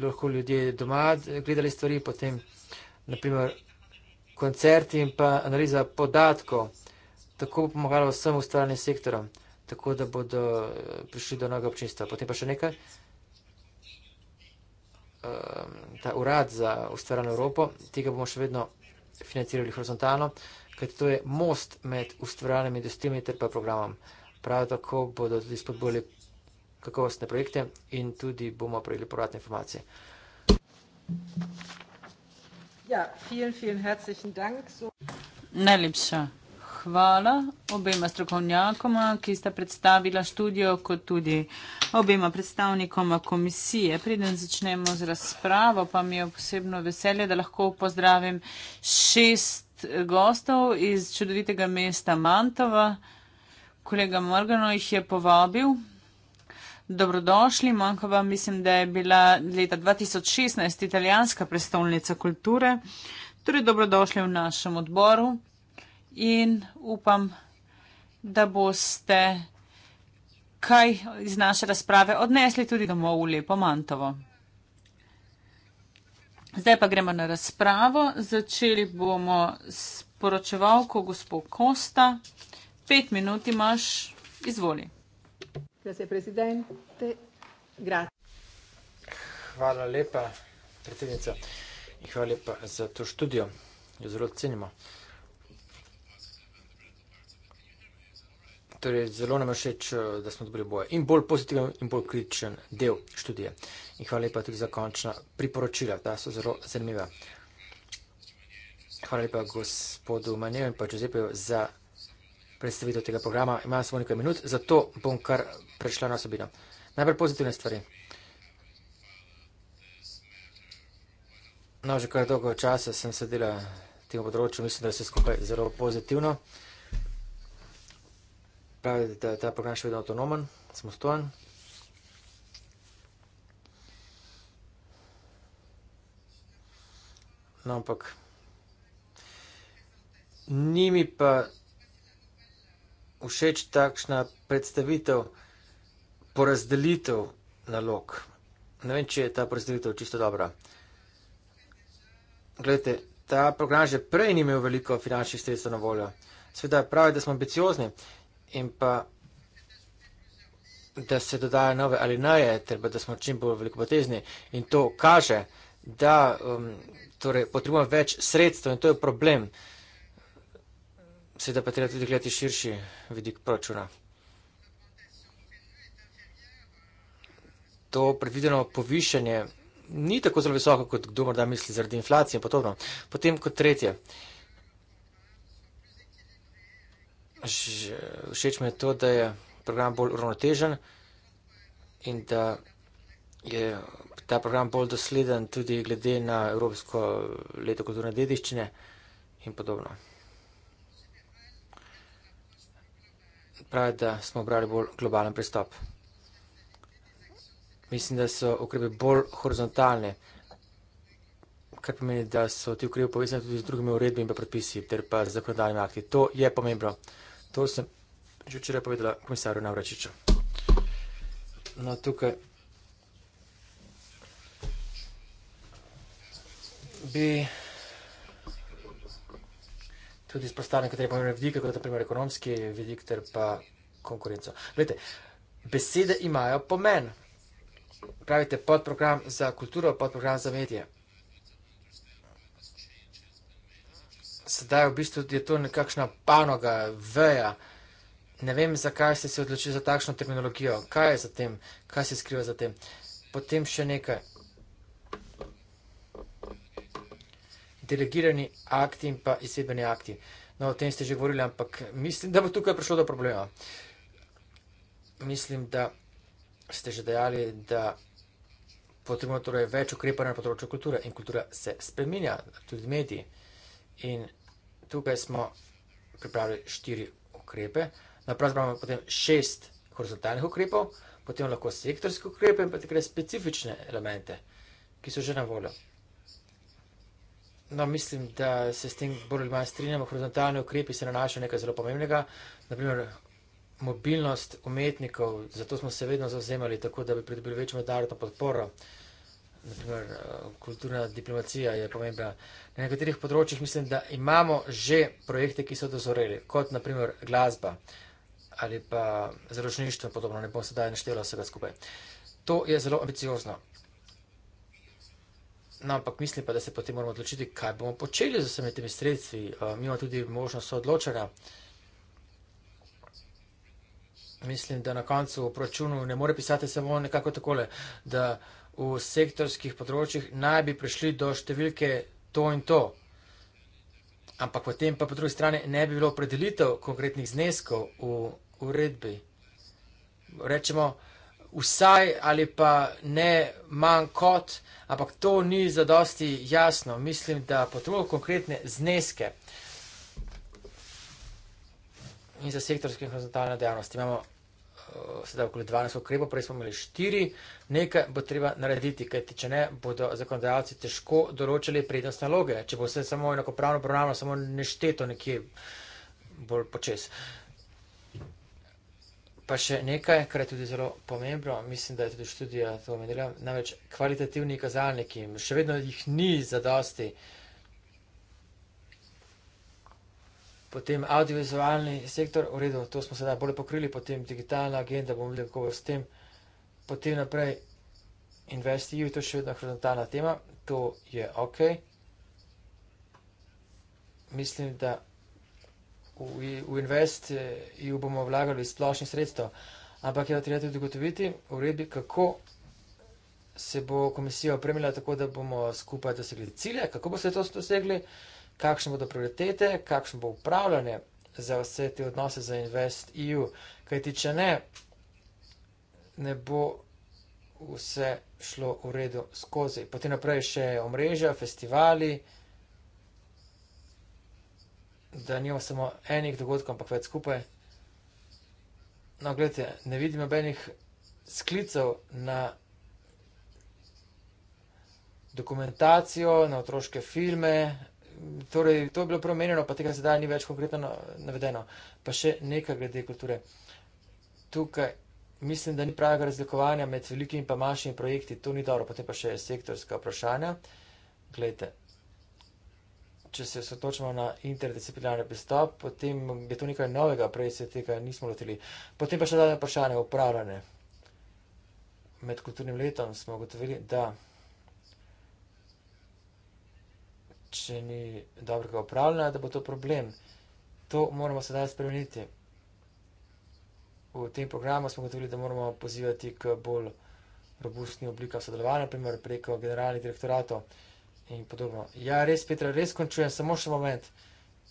S3: lahko ljudje doma gledali stvari, potem naprimer koncerti in pa analiza podatkov. Tako bo pomagalo vsem ustvarjanjem sektorom, tako da bodo eh, prišli do novega občinstva. Potem pa še nekaj. Ehm, ta urad za ustvarjanje Evropo, tega bomo še vedno financirali horizontalno, kajti to je most med ustvarjanjem industrijami ter pa programom. Prav tako bodo tudi spodbujali kakovostne projekte in tudi bomo
S1: prejeli povratne informacije. Ja, Najlepša hvala obema strokovnjakoma, ki sta predstavila študijo, kot tudi obema predstavnikoma komisije. Preden začnemo z razpravo, pa mi je posebno veselje, da lahko pozdravim šest gostov iz čudovitega mesta Mantova. Kolega Morgano jih je povabil. Dobrodošli, manjka vam, mislim, da je bila leta 2016 italijanska prestolnica kulture. Torej, dobrodošli v našem odboru in upam, da boste kaj iz naše razprave odnesli tudi domov v lepo Mantovo. Zdaj pa gremo na razpravo. Začeli bomo s poročevalko gospod Kosta. Pet minut imaš, izvoli.
S2: Hvala
S3: lepa, predsednica. Hvala lepa za to študijo. Jo zelo cenimo. Torej, zelo nam je všeč, eh, da smo dobili boje. In bolj pozitiven in bolj kritičen del študije. In hvala lepa tudi za končna priporočila. Ta so zelo zanimiva. Hvala lepa gospodu Manjevu in pa Giuseppeju za predstavitev tega programa. Imam samo nekaj minut, zato bom kar prešla na osebino. Najprej pozitivne stvari. No, že kar dolgo časa sem sedela v tem področju, mislim, da je vse skupaj zelo pozitivno. Pravi, da je ta program še vedno avtonomen, samostojen. No, ampak ni mi pa všeč takšna predstavitev porazdelitev nalog. Ne vem, če je ta porazdelitev čisto dobra. Glejte, ta program že prej ni imel veliko finančnih sredstev na voljo. Seveda prav je, da smo ambiciozni in pa, da se dodajo nove alineje ter pa, da smo čim bolj velikopotezni in to kaže, da um, torej potrebujemo več sredstev in to je problem. Seveda pa treba tudi gledati širši vidik proračuna. To predvideno povišanje ni tako zelo visoko, kot kdo morda misli zaradi inflacije in podobno. Potem kot tretje. Všeč mi je to, da je program bolj uravnotežen in da je ta program bolj dosleden tudi glede na Evropsko leto kulturne dediščine in podobno. pravi, da smo obrali bolj globalen pristop. Mislim, da so ukrepe bolj horizontalne, kar pomeni, da so ti ukrepe povezani tudi z drugimi uredbami in predpisi ter pa z zakonodajnimi akti. To je pomembno. To sem že včeraj povedala komisarju Navračiču. No, tukaj bi tudi izpostavljen nekatere pomembne vidike, kot je ekonomski vidik ter pa konkurenco. Glede, besede imajo pomen. Pravite, podprogram za kulturo, podprogram za medije. Sedaj v bistvu je to nekakšna panoga, veja. Ne vem, zakaj ste se odločili za takšno terminologijo. Kaj je za tem? Kaj se skriva za tem? Potem še nekaj. delegirani akti in pa izsebeni akti. No, o tem ste že govorili, ampak mislim, da bo tukaj prišlo do problema. Mislim, da ste že dejali, da potrebno torej več ukrepa na področju kulture in kultura se spreminja, tudi mediji. In tukaj smo pripravili štiri ukrepe, naprav imamo potem šest horizontalnih ukrepov, potem lahko sektorske ukrepe in pa tako specifične elemente, ki so že na voljo. No, mislim, da se s tem bolj ali manj strinjamo. Horizontalni ukrepi se nanašajo nekaj zelo pomembnega. Naprimer, mobilnost umetnikov, zato smo se vedno zauzemali tako, da bi pridobili večjo mednarodno podporo. Naprimer, kulturna diplomacija je pomembna. Na nekaterih področjih mislim, da imamo že projekte, ki so dozoreli, kot naprimer glasba ali pa zročništvo in podobno. Ne bom sedaj naštevala vsega skupaj. To je zelo ambiciozno. No, ampak mislim pa, da se potem moramo odločiti, kaj bomo počeli z vsemi temi sredstvi. Eh, mi imamo tudi možnost odločanja. Mislim, da na koncu v proračunu ne more pisati samo nekako takole, da v sektorskih področjih naj bi prišli do številke to in to. Ampak potem pa po drugi strani ne bi bilo predelitev konkretnih zneskov v uredbi. Rečemo, vsaj ali pa ne manj kot, ampak to ni zadosti jasno. Mislim, da potrebujemo konkretne zneske in za sektorske in horizontalne dejavnosti. Imamo eh, sedaj okoli 12 ukrepov, prej smo imeli 4, nekaj bo treba narediti, kajti če ne, bodo zakonodajalci težko določili prednostne naloge, če bo vse samo enakopravno programo, samo nešteto nekje bolj počes. Uh, Pa še nekaj, kar je tudi zelo pomembno, mislim, da je tudi študija to omenila, namreč kvalitativni kazalniki, še vedno jih ni za dosti. Potem audiovizualni sektor, v redu, to smo sedaj bolje pokrili, potem digitalna agenda, bomo videli, kako bo s tem. Potem naprej investiju, to je še vedno horizontalna tema, to je ok. Mislim, da v, v invest jo bomo vlagali iz splošnih sredstev. Ampak je treba tudi ugotoviti v uredbi, kako se bo komisija opremila tako, da bomo skupaj dosegli cilje, kako bo se to dosegli, kakšne bodo prioritete, kakšno bo upravljanje za vse te odnose za invest EU. Kajti, če ne, ne bo vse šlo v redu skozi. Potem naprej še omrežja, festivali da nimamo samo enih dogodkov, ampak več skupaj. No, gledajte, ne vidim nobenih sklicev na dokumentacijo, na otroške filme. Torej, to je bilo promenjeno, pa tega sedaj ni več konkretno navedeno. Pa še nekaj glede kulture. Tukaj mislim, da ni pravega razlikovanja med velikimi in pa manjšimi projekti, to ni dobro, potem pa še sektorska vprašanja. Glejte, če se sotočimo na interdisciplinarni pristop, potem je to nekaj novega, prej se tega nismo lotili. Potem pa še dodatno vprašanje o upravljanju. Med kulturnim letom smo ugotovili, da če ni dobrega upravljanja, da bo to problem. To moramo sedaj spremeniti. V tem programu smo ugotovili, da moramo pozivati k bolj robustni oblika sodelovanja, naprimer preko generalnih direktoratov in podobno. Ja, res, Petra, res končujem, samo še moment,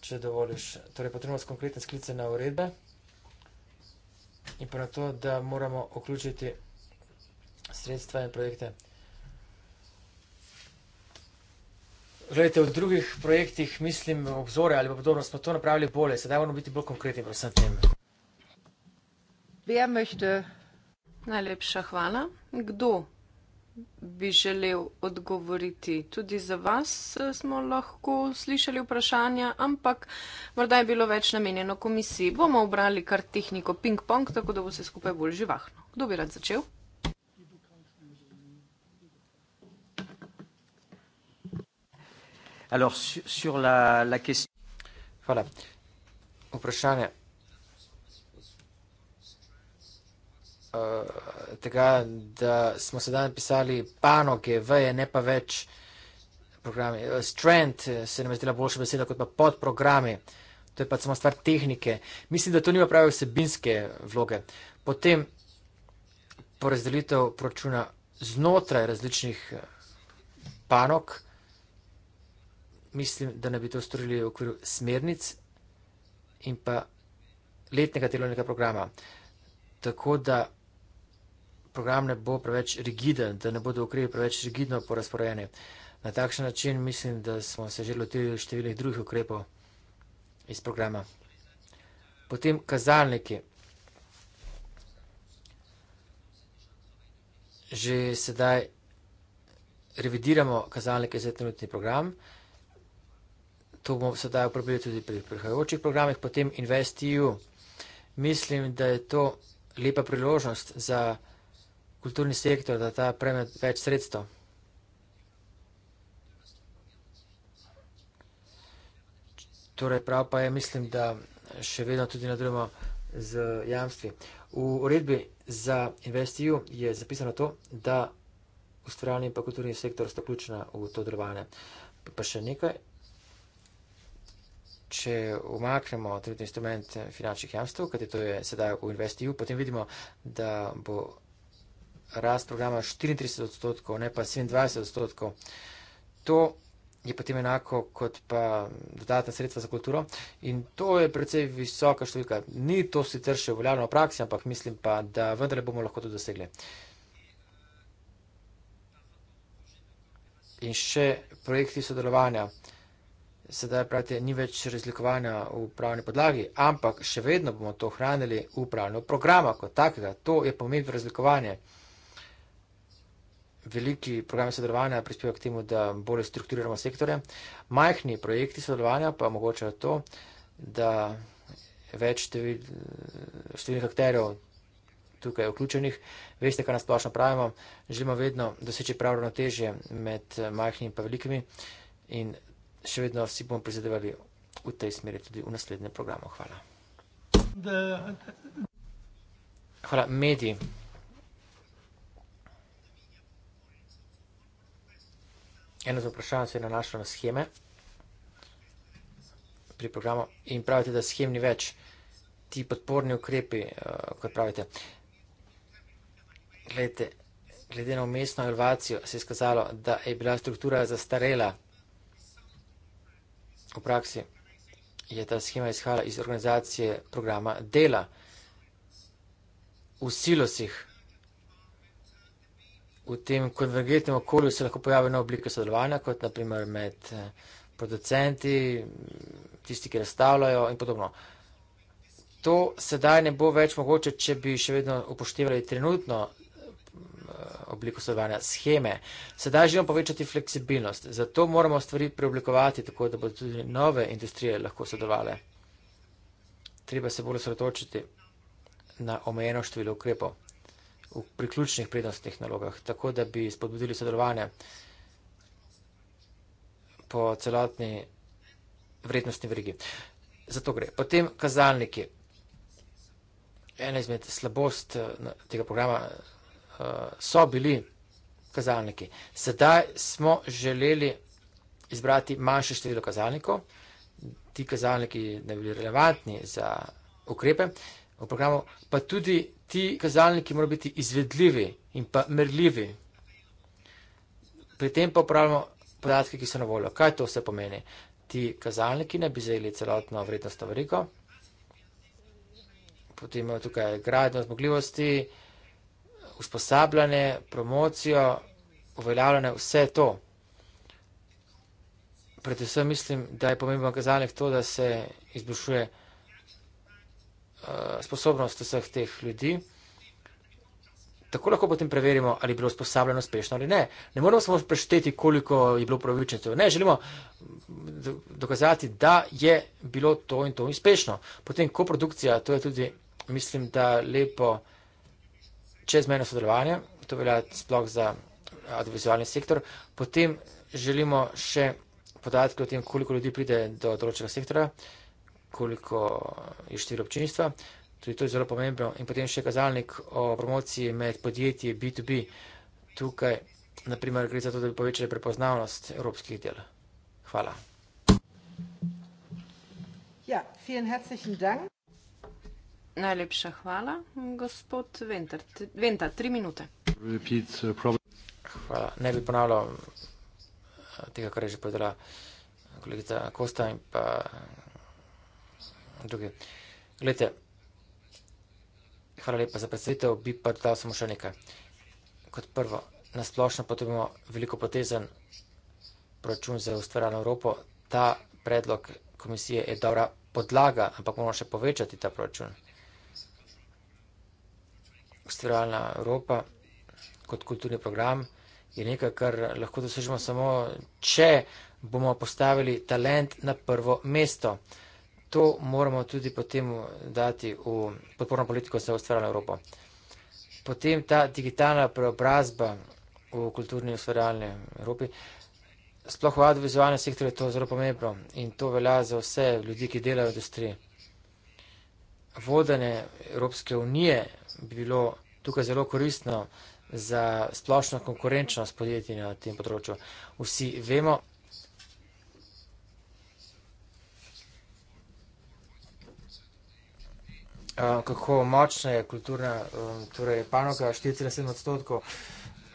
S3: če dovoliš. Torej, potrebno je konkretne sklice na uredbe in pa na to, da moramo vključiti sredstva in projekte. Gledajte, v drugih projektih, mislim, obzore ali podobno, smo to napravili bolje, sedaj moramo biti bolj konkretni pri vsem tem.
S2: Najlepša hvala. Kdo bi želel odgovoriti. Tudi za vas eh, smo lahko slišali vprašanja, ampak morda je bilo več namenjeno komisiji. Bomo obrali kar tehniko ping-pong, tako da bo se skupaj bolj živahno. Kdo bi rad začel?
S3: Alors, sur, sur la, la question. Hvala. Vprašanje. tega, da smo sedaj napisali panoge, veje, ne pa več programe. Eh, Strand eh, se nam je zdela boljša beseda kot pa podprogrami. To je pa samo stvar tehnike. Mislim, da to nima prave vsebinske vloge. Potem porazdelitev proračuna znotraj različnih eh, panog. Mislim, da ne bi to storili v okviru smernic in pa letnega delovnega programa. Tako da program ne bo preveč rigiden, da ne bodo ukrepi preveč rigidno porazporejeni. Na takšen način mislim, da smo se že lotili številnih drugih ukrepov iz programa. Potem kazalniki. Že sedaj revidiramo kazalnike za trenutni program. To bomo sedaj uporabili tudi pri prihajajočih programih. Potem InvestEU. Mislim, da je to lepa priložnost za kulturni sektor, da ta prejme več sredstev. Torej, prav pa je, mislim, da še vedno tudi nadaljujemo z jamstvi. V uredbi za InvestEU je zapisano to, da ustvarjalni in kulturni sektor sta ključna v to delovanje. Pa še nekaj, če umaknemo tretji instrument finančnih jamstv, kajti to je sedaj v InvestEU, potem vidimo, da bo rast programa 34 odstotkov, ne pa 27 odstotkov. To je potem enako kot pa dodatna sredstva za kulturo in to je predvsej visoka številka. Ni to sicer še uveljavljeno v praksi, ampak mislim pa, da vendarle bomo lahko to dosegli. In še projekti sodelovanja. Sedaj pravite, ni več razlikovanja v pravni podlagi, ampak še vedno bomo to hranili v pravno programa kot takega. To je pomembno razlikovanje veliki programi sodelovanja prispevajo k temu, da bolje strukturiramo sektore, majhni projekti sodelovanja pa omogočajo to, da več števil, številnih akterjev tukaj vključenih. Veste, kaj nas splošno pravimo, želimo vedno doseči prav ravnotežje med eh, majhnimi in pa velikimi in še vedno si bomo prizadevali v tej smeri tudi v naslednjem programu. Hvala. Hvala, mediji. Eno za vprašanje se je nanašalo na scheme pri programu in pravite, da schem ni več ti podporni ukrepi, eh, kot pravite. Gledajte, glede na umestno evalvacijo se je skazalo, da je bila struktura zastarela v praksi. Je ta schema izhala iz organizacije programa dela v silosih, v tem konvergentnem okolju se lahko pojavijo nove oblike sodelovanja, kot naprimer med eh, producenti, tisti, ki razstavljajo in podobno. To sedaj ne bo več mogoče, če bi še vedno upoštevali trenutno eh, obliko sodelovanja, scheme. Sedaj želimo povečati fleksibilnost, zato moramo stvari preoblikovati tako, da bodo tudi nove industrije lahko sodelovale. Treba se bolj sredotočiti na omejeno število ukrepov v priključnih prednostnih nalogah, tako da bi spodbudili sodelovanje po celotni vrednostni verigi. Zato gre. Potem kazalniki. Ena izmed slabost eh, tega programa eh, so bili kazalniki. Sedaj smo želeli izbrati manjše število kazalnikov. Ti kazalniki ne bili relevantni za ukrepe v programu, pa tudi ti kazalniki morajo biti izvedljivi in pa merljivi. Pri tem pa uporabljamo podatke, ki so na voljo. Kaj to vse pomeni? Ti kazalniki ne bi zajeli celotno vrednost avariko. Potem imamo tukaj gradno zmogljivosti, usposabljanje, promocijo, uveljavljanje, vse to. Predvsem mislim, da je pomemben kazalnik to, da se izboljšuje. Eh, sposobnost vseh teh ljudi. Tako lahko potem preverimo, ali je bilo usposabljeno uspešno ali ne. Ne moramo samo prešteti, koliko je bilo pravičencev. Ne, želimo dokazati, da je bilo to in to uspešno. Potem koprodukcija, to je tudi, mislim, da lepo čezmejno sodelovanje, to velja sploh za audiovizualni sektor. Potem želimo še podatke o tem, koliko ljudi pride do določenega sektora. Uh, koliko je število občinstva. Tudi to je zelo pomembno. In potem še kazalnik o promociji med podjetji B2B. Tukaj, naprimer, gre za to, da bi povečali prepoznavnost evropskih del. Hvala.
S2: Ja, vielen herzlichen Dank. Najlepša hvala, gospod Venter. Venta, tri minute.
S3: Uh, hvala. Ne bi ponavljal uh, tega, kar je že povedala kolegica Kosta in pa druge. Glejte, hvala lepa za predstavitev, bi pa dodal samo še nekaj. Kot prvo, nasplošno potrebujemo veliko potezen proračun za ustvarjalno Evropo. Ta predlog komisije je dobra podlaga, ampak moramo še povečati ta proračun. Ustvarjalna Evropa kot kulturni program je nekaj, kar lahko dosežemo samo, če bomo postavili talent na prvo mesto to moramo tudi potem dati v podporno politiko za ustvarjalno Evropo. Potem ta digitalna preobrazba v kulturni ustvarjalni Evropi, sploh v audiovizualnem sektorju je to zelo pomembno in to velja za vse ljudi, ki delajo v industriji. Vodanje Evropske unije bi bilo tukaj zelo koristno za splošno konkurenčnost podjetij na tem področju. Vsi vemo, Eh, kako močna je kulturna um, torej panoga, 4,7 odstotkov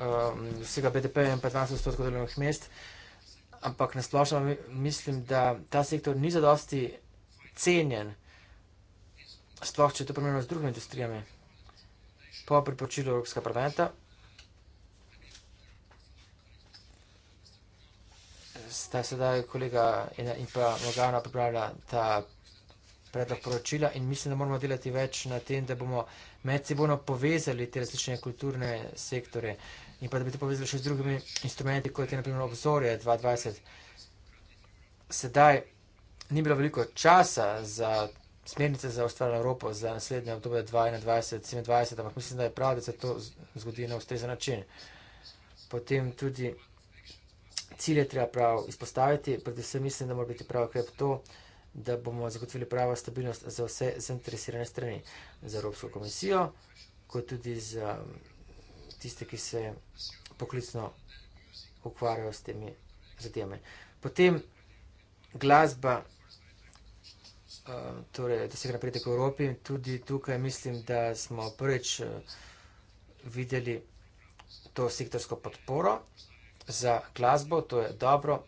S3: um, vsega BDP in pa 12 odstotkov delovnih mest. Ampak nasplošno mislim, da ta sektor ni zadosti cenjen, sploh če to primerjamo z drugimi industrijami. Po priporočilu Evropskega parlamenta sta sedaj kolega in pa Morgana pripravila ta predlog poročila in mislim, da moramo delati več na tem, da bomo medsebojno povezali te različne kulturne sektore in pa da bi to povezali še z drugimi instrumenti, kot je naprimer obzorje 2020. Sedaj ni bilo veliko časa za smernice za ustvarjeno Evropo za naslednje obdobje 2021-2027, ampak mislim, da je prav, da se to zgodi na ustrezen način. Potem tudi cilje treba prav izpostaviti, predvsem mislim, da mora biti prav ukrep to da bomo zagotovili pravo stabilnost za vse zainteresirane strani, za Evropsko komisijo, kot tudi za um, tiste, ki se poklicno ukvarjajo s temi zadevami. Potem glasba, um, torej, da se gre napredek v Evropi, tudi tukaj mislim, da smo prvič uh, videli to sektorsko podporo za glasbo, to je dobro,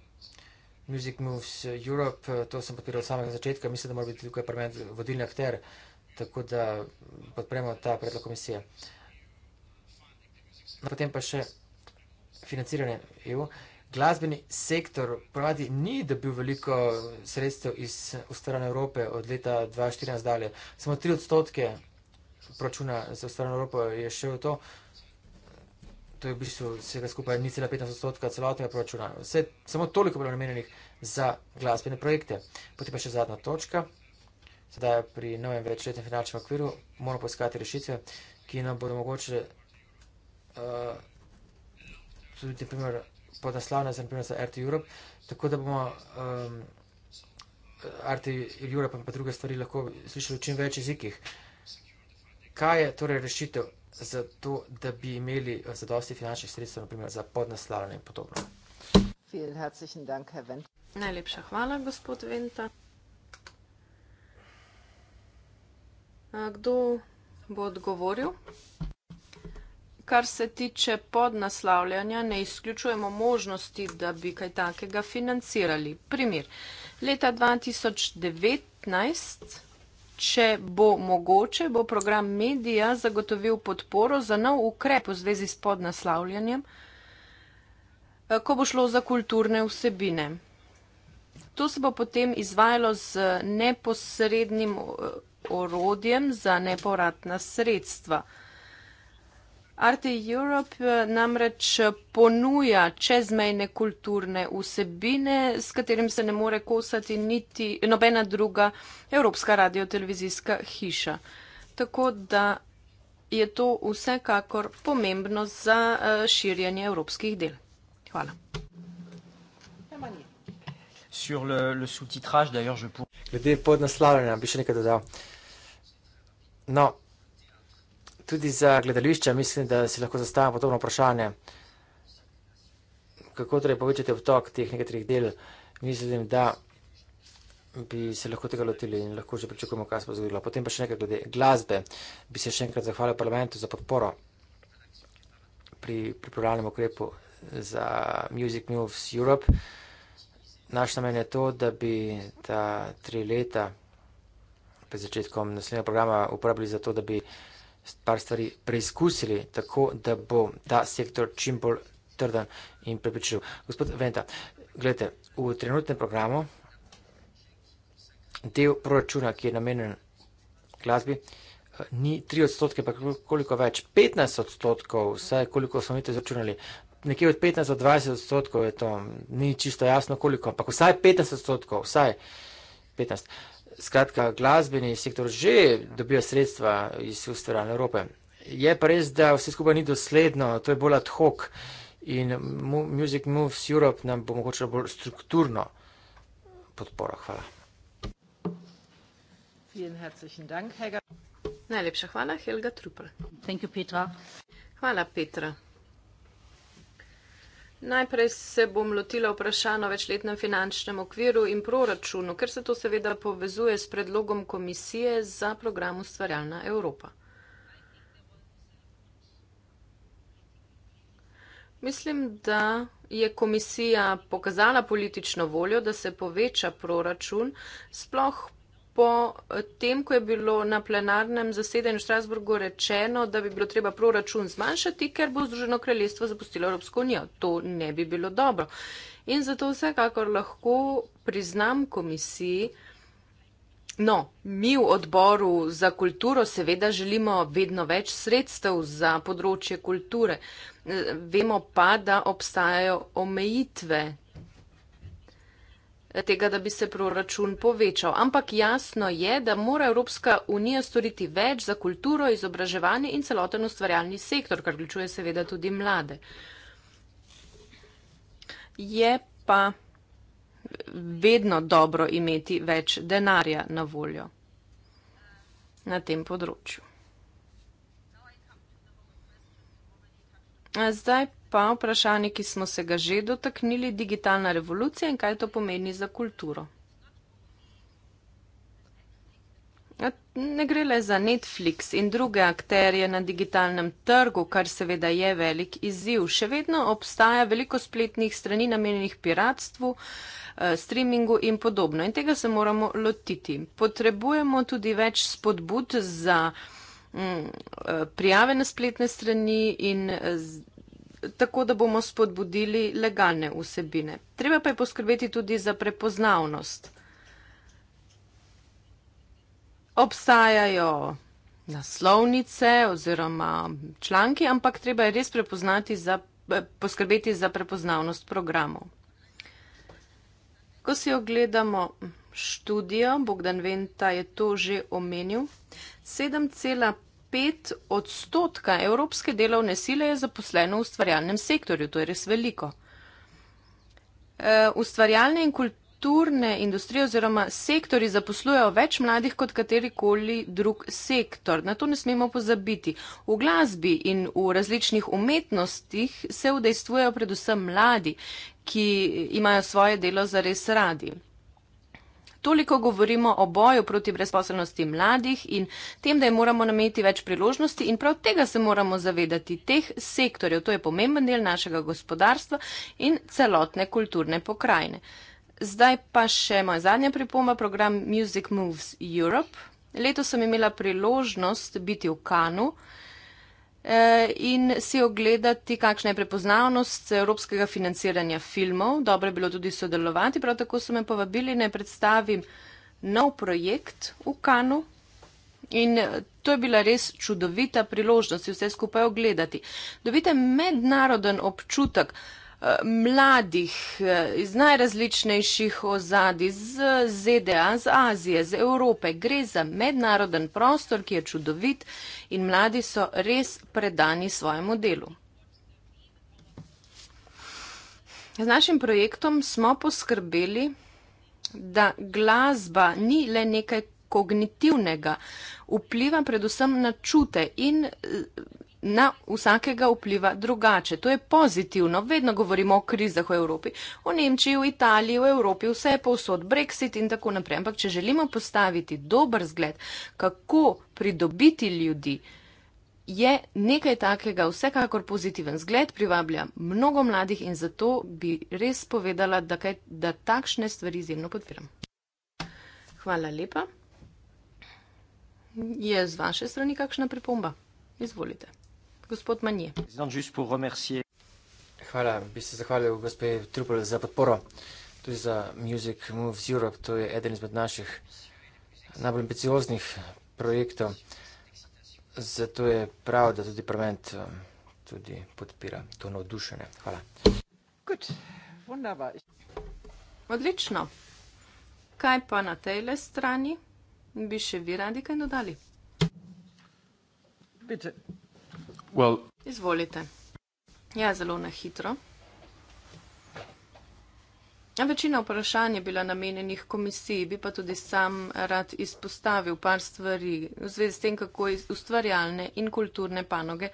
S3: Music Moves Europe, eh, to sem podpiral od samega začetka, mislim, da mora biti tukaj parlament vodilni akter, tako da podpremo ta predlog komisije. No, potem pa še financiranje EU. Glasbeni sektor pravati ni dobil veliko sredstev iz ustvarjanja Evrope od leta 2014 dalje. Samo tri odstotke proračuna za ustvarjanje Evrope je šel v to to je v bistvu vsega skupaj 0,15 odstotka celotnega proračuna. Vse, samo toliko je bilo namenjenih za glasbene projekte. Potem pa še zadnja točka. Sedaj pri novem večletnem finančnem okviru moramo poiskati rešitve, ki nam bodo mogoče uh, tudi primer, podnaslavne za, za RT Europe, tako da bomo um, eh, RT Europe in pa druge stvari lahko slišali v čim več jezikih. Kaj je torej rešitev? za to, da bi imeli eh, zadosti finančnih sredstev, naprimer za podnaslavljanje in podobno.
S2: Najlepša hvala, gospod Venta. Kdo bo odgovoril? Kar se tiče podnaslavljanja, ne izključujemo možnosti, da bi kaj takega financirali. Primer. Leta 2019 Če bo mogoče, bo program Medija zagotovil podporo za nov ukrep v zvezi s podnaslavljanjem, eh, ko bo šlo za kulturne vsebine. To se bo potem izvajalo z neposrednim eh, orodjem za nepovratna sredstva. Arte Europe eh, namreč eh, ponuja čezmejne kulturne vsebine, s katerim se ne more kosati niti nobena druga evropska radiotelevizijska hiša. Tako da je to vsekakor pomembno za eh, širjanje evropskih del. Hvala.
S3: Glede podnaslavljanja bi še nekaj dodal. No, tudi za gledališča mislim, da si lahko zastavim podobno vprašanje, kako torej povečati obtok teh nekaterih del. Mislim, da bi se lahko tega lotili in lahko že pričakujemo, kaj se bo zgodilo. Potem pa še nekaj glede glasbe. Bi se še enkrat zahvalil parlamentu za podporo pri pripravljanju ukrepu za Music News Europe. Naš namen je to, da bi ta tri leta pred začetkom naslednjega programa uporabili za to, da bi par stvari preizkusili, tako da bo ta sektor čim bolj trden in prepričljiv. Gospod Venta, gledajte, v trenutnem programu del proračuna, ki je namenjen glasbi, eh, ni 3 odstotke, pa koliko več, 15 odstotkov, vse koliko smo mi to izračunali, nekje od 15 do 20 odstotkov je to, ni čisto jasno koliko, ampak vsaj 15 odstotkov, vsaj 15 skratka, glasbeni sektor že dobijo sredstva iz ustvarjalne Evrope. Je pa res, da vse skupaj ni dosledno, to je bolj ad hoc in Music Moves Europe nam bo mogoče bolj strukturno podporo. Hvala.
S2: Najlepša hvala, Helga Trupel. Hvala, Petra. Najprej se bom lotila vprašanja o večletnem finančnem okviru in proračunu, ker se to seveda povezuje s predlogom komisije za program Ustvarjalna Evropa. Mislim, da je komisija pokazala politično voljo, da se poveča proračun, sploh po tem, ko je bilo na plenarnem zasedanju v Strasburgu rečeno, da bi bilo treba proračun zmanjšati, ker bo Združeno kraljestvo zapustilo Evropsko unijo. To ne bi bilo dobro. In zato vsekakor lahko priznam komisiji, no, mi v odboru za kulturo seveda želimo vedno več sredstev za področje kulture. Vemo pa, da obstajajo omejitve tega, da bi se proračun povečal. Ampak jasno je, da mora Evropska unija storiti več za kulturo, izobraževanje in celoten ustvarjalni sektor, kar vključuje seveda tudi mlade. Je pa vedno dobro imeti več denarja na voljo na tem področju. Zdaj pa vprašanje, ki smo se ga že dotaknili, digitalna revolucija in kaj to pomeni za kulturo. Ne gre le za Netflix in druge akterje na digitalnem trgu, kar seveda je velik izziv. Še vedno obstaja veliko spletnih strani namenjenih piratstvu, eh, streamingu in podobno. In tega se moramo lotiti. Potrebujemo tudi več spodbud za mm, eh, prijave na spletne strani in eh, tako da bomo spodbudili legalne vsebine. Treba pa je poskrbeti tudi za prepoznavnost. Obstajajo naslovnice oziroma članki, ampak treba je res prepoznati za, eh, poskrbeti za prepoznavnost programov. Ko si ogledamo študijo, Bogdan Venta je to že omenil, pet odstotka evropske delovne sile je zaposleno v ustvarjalnem sektorju, to je res veliko. E, ustvarjalne in kulturne industrije oziroma sektori zaposlujejo več mladih kot katerikoli drug sektor. Na to ne smemo pozabiti. V glasbi in v različnih umetnostih se vdejstvujejo predvsem mladi, ki imajo svoje delo zares radi. Toliko govorimo o boju proti brezposelnosti mladih in tem, da jim moramo nameti več priložnosti in prav tega se moramo zavedati, teh sektorjev. To je pomemben del našega gospodarstva in celotne kulturne pokrajine. Zdaj pa še moja zadnja pripomba, program Music Moves Europe. Leto sem imela priložnost biti v Kanu. Eh, in si ogledati, kakšna je prepoznavnost evropskega financiranja filmov. Dobro je bilo tudi sodelovati, prav tako so me povabili, da predstavim nov projekt v Kanu. In eh, to je bila res čudovita priložnost vse skupaj ogledati. Dobite mednaroden občutek, Eh, mladih eh, iz najrazličnejših ozadij, z ZDA, z Azije, z Evrope. Gre za mednaroden prostor, ki je čudovit in mladi so res predani svojemu delu. Z našim projektom smo poskrbeli, da glasba ni le nekaj kognitivnega, vpliva predvsem na čute in eh, na vsakega vpliva drugače. To je pozitivno. Vedno govorimo o krizah v Evropi, o Nemčiji, v Italiji, v Evropi, vse je povsod, Brexit in tako naprej. Ampak, če želimo postaviti dober zgled, kako pridobiti ljudi, je nekaj takega, vsekakor pozitiven zgled, privablja mnogo mladih in zato bi res povedala, da, kaj, da takšne stvari izjemno podpiram. Hvala lepa. Je z vaše strani kakšna pripomba? Izvolite gospod Manje.
S3: Hvala, bi se zahvalil gospe Trupel za podporo. Tudi za Music Moves Europe, to je eden izmed naših najbolj ambicioznih projektov. Zato je prav, da tudi parlament um, tudi podpira to navdušenje. Hvala.
S2: Good. Wunderbar. Odlično. Kaj pa na tej le strani bi še vi radi kaj dodali? Bitte. Well, Izvolite. Ja, zelo na hitro. Ja, večina vprašanj je bila namenjenih komisiji, bi pa tudi sam rad izpostavil par stvari v zvezi s tem, kako ustvarjalne in kulturne panoge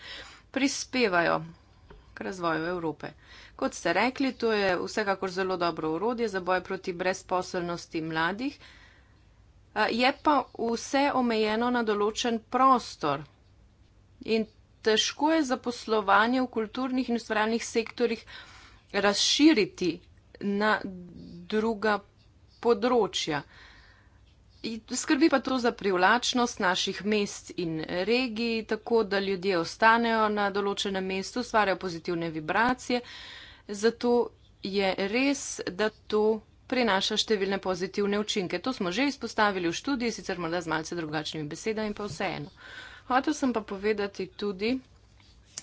S2: prispevajo k razvoju Evrope. Kot ste rekli, to je vsekakor zelo dobro urodje za boj proti brezposelnosti mladih. Je pa vse omejeno na določen prostor. In težko je zaposlovanje v kulturnih in ustvarjalnih sektorjih razširiti na druga področja. Skrbi pa to za privlačnost naših mest in regij, tako da ljudje ostanejo na določenem mestu, ustvarjajo pozitivne vibracije. Zato je res, da to prinaša številne pozitivne učinke. To smo že izpostavili v študiji, sicer morda z malce drugačnimi besedami, pa vseeno. Uh, Hotel sem pa povedati tudi,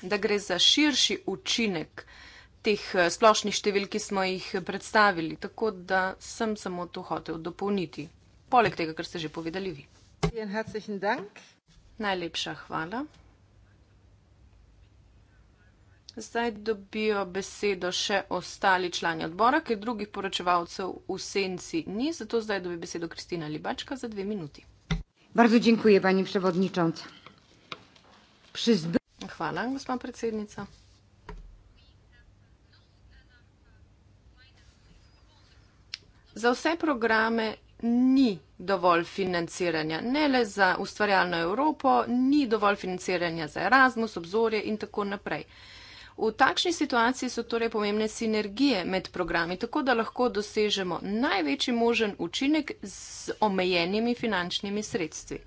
S2: da gre za širši učinek teh eh, splošnih števil, ki smo jih predstavili, tako da sem samo to hotel dopolniti. Poleg tega, kar ste že povedali vi. Najlepša hvala. Zdaj dobijo besedo še ostali člani odbora, ker drugih poročevalcev v senci ni, zato zdaj dobi besedo Kristina Libačka za dve minuti.
S1: Bardzo dziękuję, pani przewodnicząca.
S2: Hvala, gospa predsednica. Za vse programe ni dovolj financiranja, ne le za ustvarjalno Evropo, ni dovolj financiranja za Erasmus, obzorje in tako naprej. V takšni situaciji so torej pomembne sinergije med programi, tako da lahko dosežemo največji možen učinek z omejenimi finančnimi sredstvi.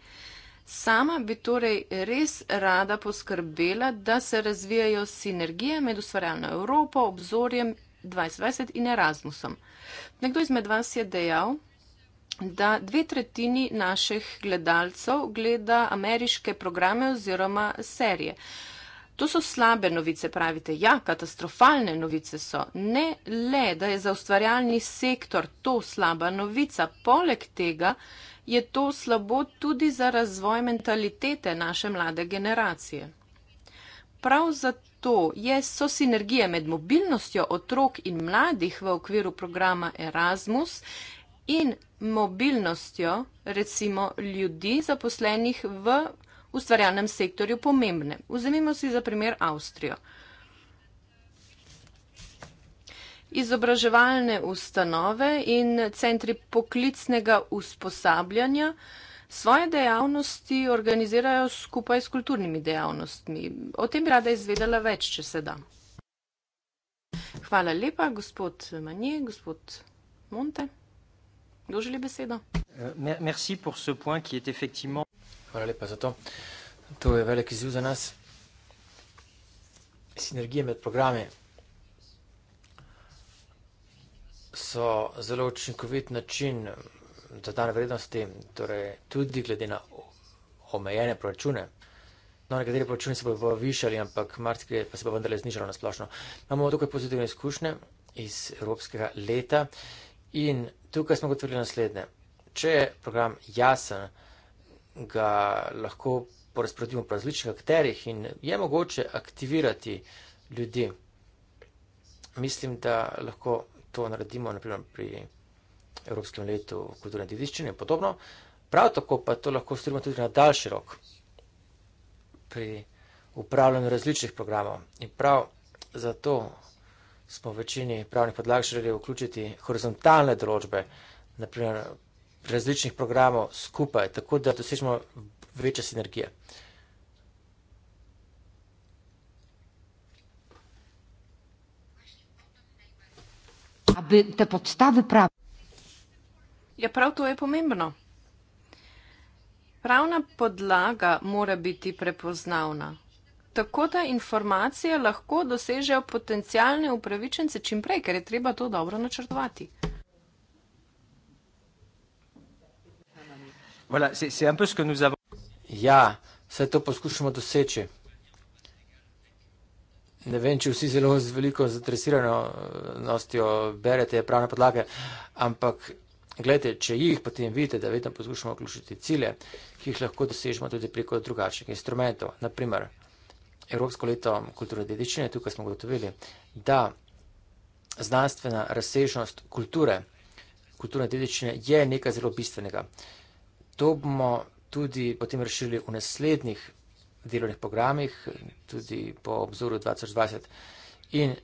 S2: Sama bi torej res rada poskrbela, da se razvijajo sinergije med ustvarjalno Evropo, obzorjem 2020 in Erasmusom. Nekdo izmed vas je dejal, da dve tretjini naših gledalcev gleda ameriške programe oziroma serije. Uh, To so slabe novice, pravite. Ja, katastrofalne novice so. Ne le, da je za ustvarjalni sektor to slaba novica. Poleg tega je to slabo tudi za razvoj mentalitete naše mlade generacije. Prav zato je so sinergije med mobilnostjo otrok in mladih v okviru programa Erasmus in mobilnostjo recimo ljudi zaposlenih v ustvarjalnem sektorju pomembne. Vzemimo si za primer Avstrijo. Izobraževalne ustanove in centri poklicnega usposabljanja svoje dejavnosti organizirajo skupaj s kulturnimi dejavnostmi. O tem bi rada izvedela več, če se da. Hvala lepa, gospod Manje, gospod Monte. Dožili besedo.
S3: Euh, merci pour ce point qui est effectivement. Hvala lepa za to. To je velik izziv za nas. Sinergije med programe so zelo učinkovit način dodane vrednosti, torej tudi glede na omejene proračune. No, nekateri proračuni se bodo povišali, ampak marsikaj pa se bo vendarle znižalo na splošno. Imamo tukaj pozitivne izkušnje iz evropskega leta in tukaj smo gotovili naslednje. Če je program jasen, ga lahko porazporedimo po različnih akterjih in je mogoče aktivirati ljudi. Mislim, da lahko to naredimo naprimer pri Evropskem letu kulturne dediščine in podobno. Prav tako pa to lahko storimo tudi na daljši rok pri upravljanju različnih programov. In prav zato smo v večini pravnih podlag želeli vključiti horizontalne določbe, naprimer različnih programov skupaj, tako da dosežemo večje sinergije.
S1: Aby te podstave prave.
S2: Ja, prav to je pomembno. Pravna podlaga mora biti prepoznavna, tako da informacije lahko dosežejo potencijalne upravičence čimprej, ker je treba to dobro načrtovati.
S3: Voilà, c'est un peu ce que nous avons. Ja, vse to poskušamo doseči. Ne vem, če vsi zelo z veliko zainteresiranostjo berete pravne podlage, ampak gledajte, če jih potem vidite, da vedno poskušamo vključiti cilje, ki jih lahko dosežemo tudi preko drugačnih instrumentov. Naprimer, Evropsko leto kulture dedičine, tukaj smo gotovili, da znanstvena razsežnost kulture, kulturne dedičine je nekaj zelo bistvenega. Uh, To bomo tudi potem rešili v naslednjih delovnih programih, tudi po obzoru 2020. In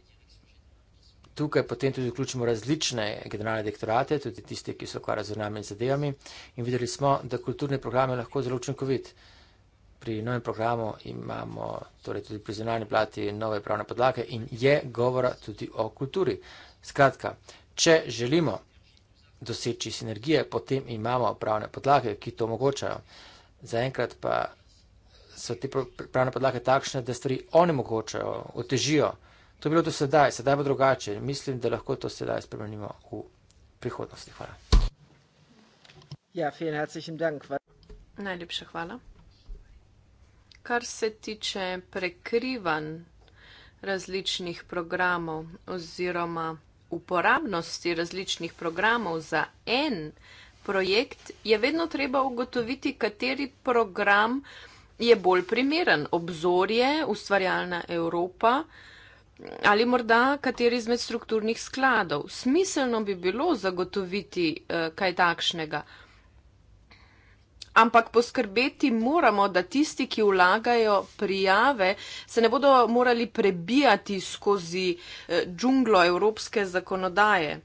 S3: tukaj potem tudi vključimo različne generalne direktorate, tudi tiste, ki so ukvarjali z nami in zadevami. In videli smo, da kulturni program je lahko zelo učinkovit. Pri novem programu imamo torej tudi pri zunanji plati nove pravne podlage in je govora tudi o kulturi. Skratka, če želimo doseči sinergije, potem imamo pravne podlage, ki to omogočajo. Zaenkrat pa so te pravne podlage takšne, da stvari onemogočajo, otežijo. To je bilo do sedaj, sedaj bo drugače. Mislim, da lahko to sedaj spremenimo v prihodnosti. Hvala.
S1: Ja,
S2: Najlepša hvala. Kar se tiče prekrivanj različnih programov oziroma uporabnosti različnih programov za en projekt, je vedno treba ugotoviti, kateri program je bolj primeren. Obzorje, ustvarjalna Evropa ali morda kateri izmed strukturnih skladov. Smiselno bi bilo zagotoviti eh, kaj takšnega ampak poskrbeti moramo, da tisti, ki vlagajo prijave, se ne bodo morali prebijati skozi eh, džunglo evropske zakonodaje.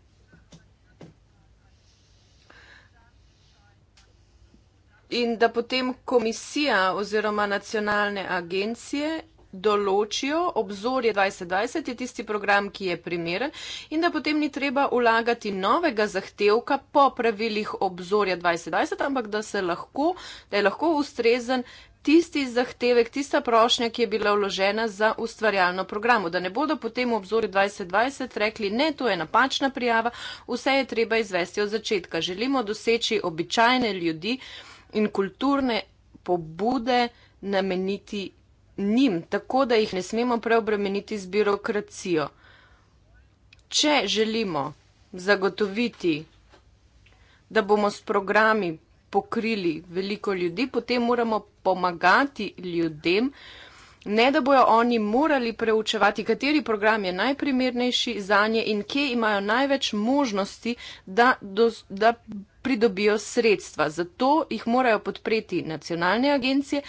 S2: In da potem komisija oziroma nacionalne agencije določijo obzorje 2020, je tisti program, ki je primeren in da potem ni treba ulagati novega zahtevka po pravilih obzorja 2020, ampak da se lahko, da je lahko ustrezen tisti zahtevek, tista prošnja, ki je bila vložena za ustvarjalno programu, da ne bodo potem v obzorju 2020 rekli, ne, to je napačna prijava, vse je treba izvesti od začetka. Želimo doseči običajne ljudi in kulturne pobude nameniti njim, tako da jih ne smemo preobremeniti z birokracijo. Če želimo zagotoviti, da bomo s programi pokrili veliko ljudi, potem moramo pomagati ljudem, ne da bojo oni morali preučevati, kateri program je najprimernejši za nje in kje imajo največ možnosti, da, do, da pridobijo sredstva. Zato jih morajo podpreti nacionalne agencije,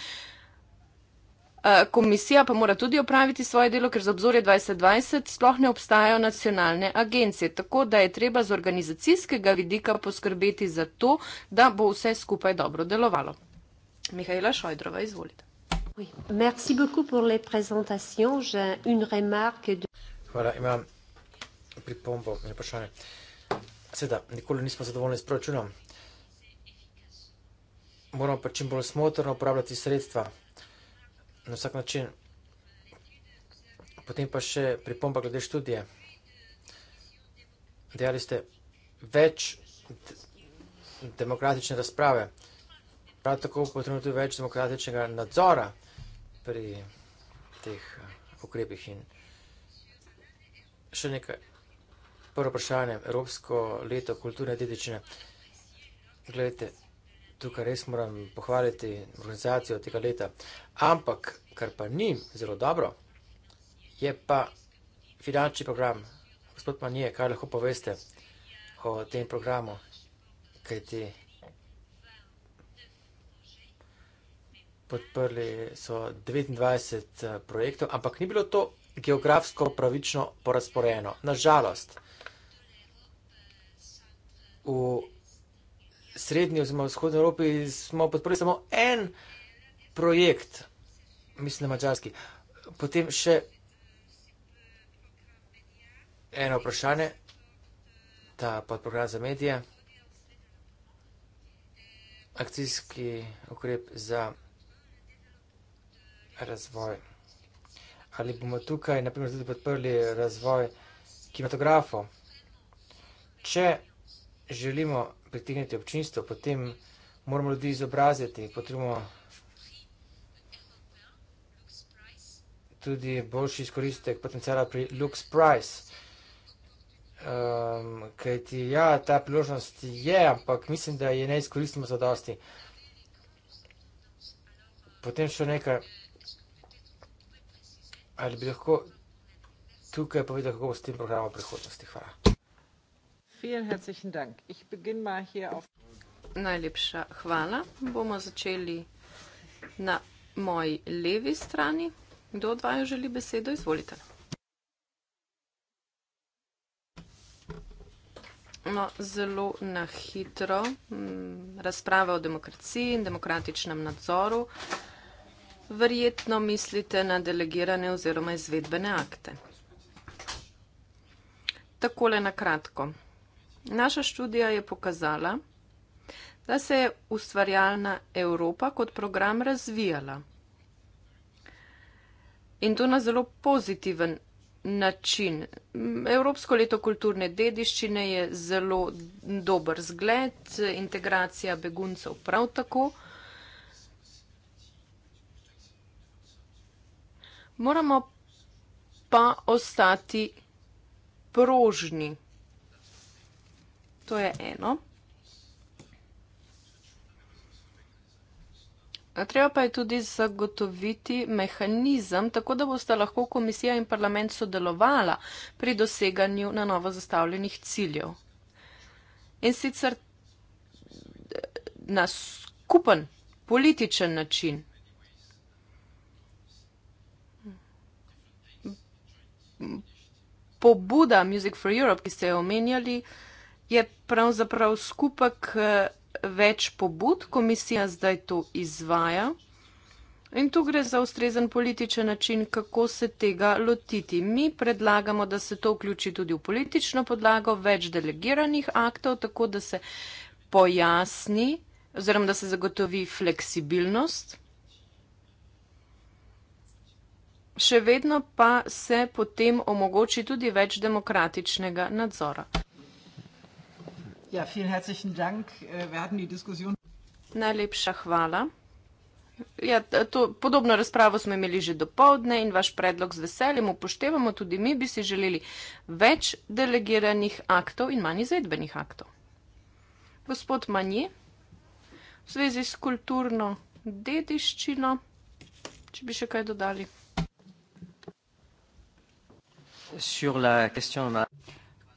S2: Eh, komisija pa mora tudi opraviti svoje delo, ker za obzorje 2020 sploh ne obstajajo nacionalne agencije. Tako da je treba z organizacijskega vidika poskrbeti za to, da bo vse skupaj dobro delovalo. Mihajla Šojdrova, izvolite.
S3: Hvala, imam pripombo in vprašanje. Seveda, nikoli nismo zadovoljni s proračunom. Moramo pa čim bolj smotrno uporabljati sredstva, na vsak način. Potem pa še pripomba glede študije. Dejali ste več demokratične razprave, prav tako potrebno tudi več demokratičnega nadzora pri teh ukrepih. In še nekaj, prvo vprašanje, Evropsko leto kulturne dedičine. Gledajte, tukaj res moram pohvaliti organizacijo tega leta. Ampak, kar pa ni zelo dobro, je pa finančni program. Gospod Manije, kaj lahko poveste o tem programu? Kajti podprli so 29 eh, projektov, ampak ni bilo to geografsko pravično porazporejeno. Nažalost, v srednji oziroma vzhodni Evropi smo podprli samo en projekt, mislim na mačarski. Potem še eno vprašanje, ta podprogram za medije, akcijski ukrep za razvoj. Ali bomo tukaj, na primer, tudi podprli razvoj kinematografov? Če želimo pritegniti občinstvo, potem moramo ljudi izobraziti, potrebujemo tudi boljši izkoristek potencijala pri Lux Price. Um, ehm, Kaj ti, ja, ta priložnost je, ampak mislim, da je ne izkoristimo za dosti. Potem še nekaj, ali bi lahko tukaj povedal, kako bo s tem programom v prihodnosti. Hvala.
S2: Najlepša hvala. Bomo začeli na moji levi strani. Kdo od vaju želi besedo? Izvolite. No, zelo na hitro. Mm, Razprava o demokraciji in demokratičnem nadzoru. Verjetno mislite na delegirane oziroma izvedbene akte. Takole na kratko. Naša študija je pokazala, da se je ustvarjalna Evropa kot program razvijala. In to na zelo pozitiven način. Evropsko leto kulturne dediščine je zelo dober zgled, integracija beguncev prav tako. Moramo pa ostati prožni. To je eno. Treba pa je tudi zagotoviti mehanizem, tako da boste lahko komisija in parlament sodelovala pri doseganju na novo zastavljenih ciljev. In sicer na skupen političen način. Pobuda Music for Europe, ki ste jo omenjali, je pravzaprav skupek eh, več pobud, komisija zdaj to izvaja. In tu gre za ustrezen političen način, kako se tega lotiti. Mi predlagamo, da se to vključi tudi v politično podlago več delegiranih aktov, tako da se pojasni oziroma da se zagotovi fleksibilnost. Še vedno pa se potem omogoči tudi več demokratičnega nadzora. Ja, vielen herzlichen Dank. Äh, wir hatten die Diskussion. Najlepša hvala. Ja, to, podobno razpravo smo imeli že do povdne in vaš predlog z veseljem upoštevamo. Tudi mi bi si želeli več delegiranih aktov in manj izvedbenih aktov. Gospod Manji, v zvezi s kulturno dediščino, če bi še kaj dodali.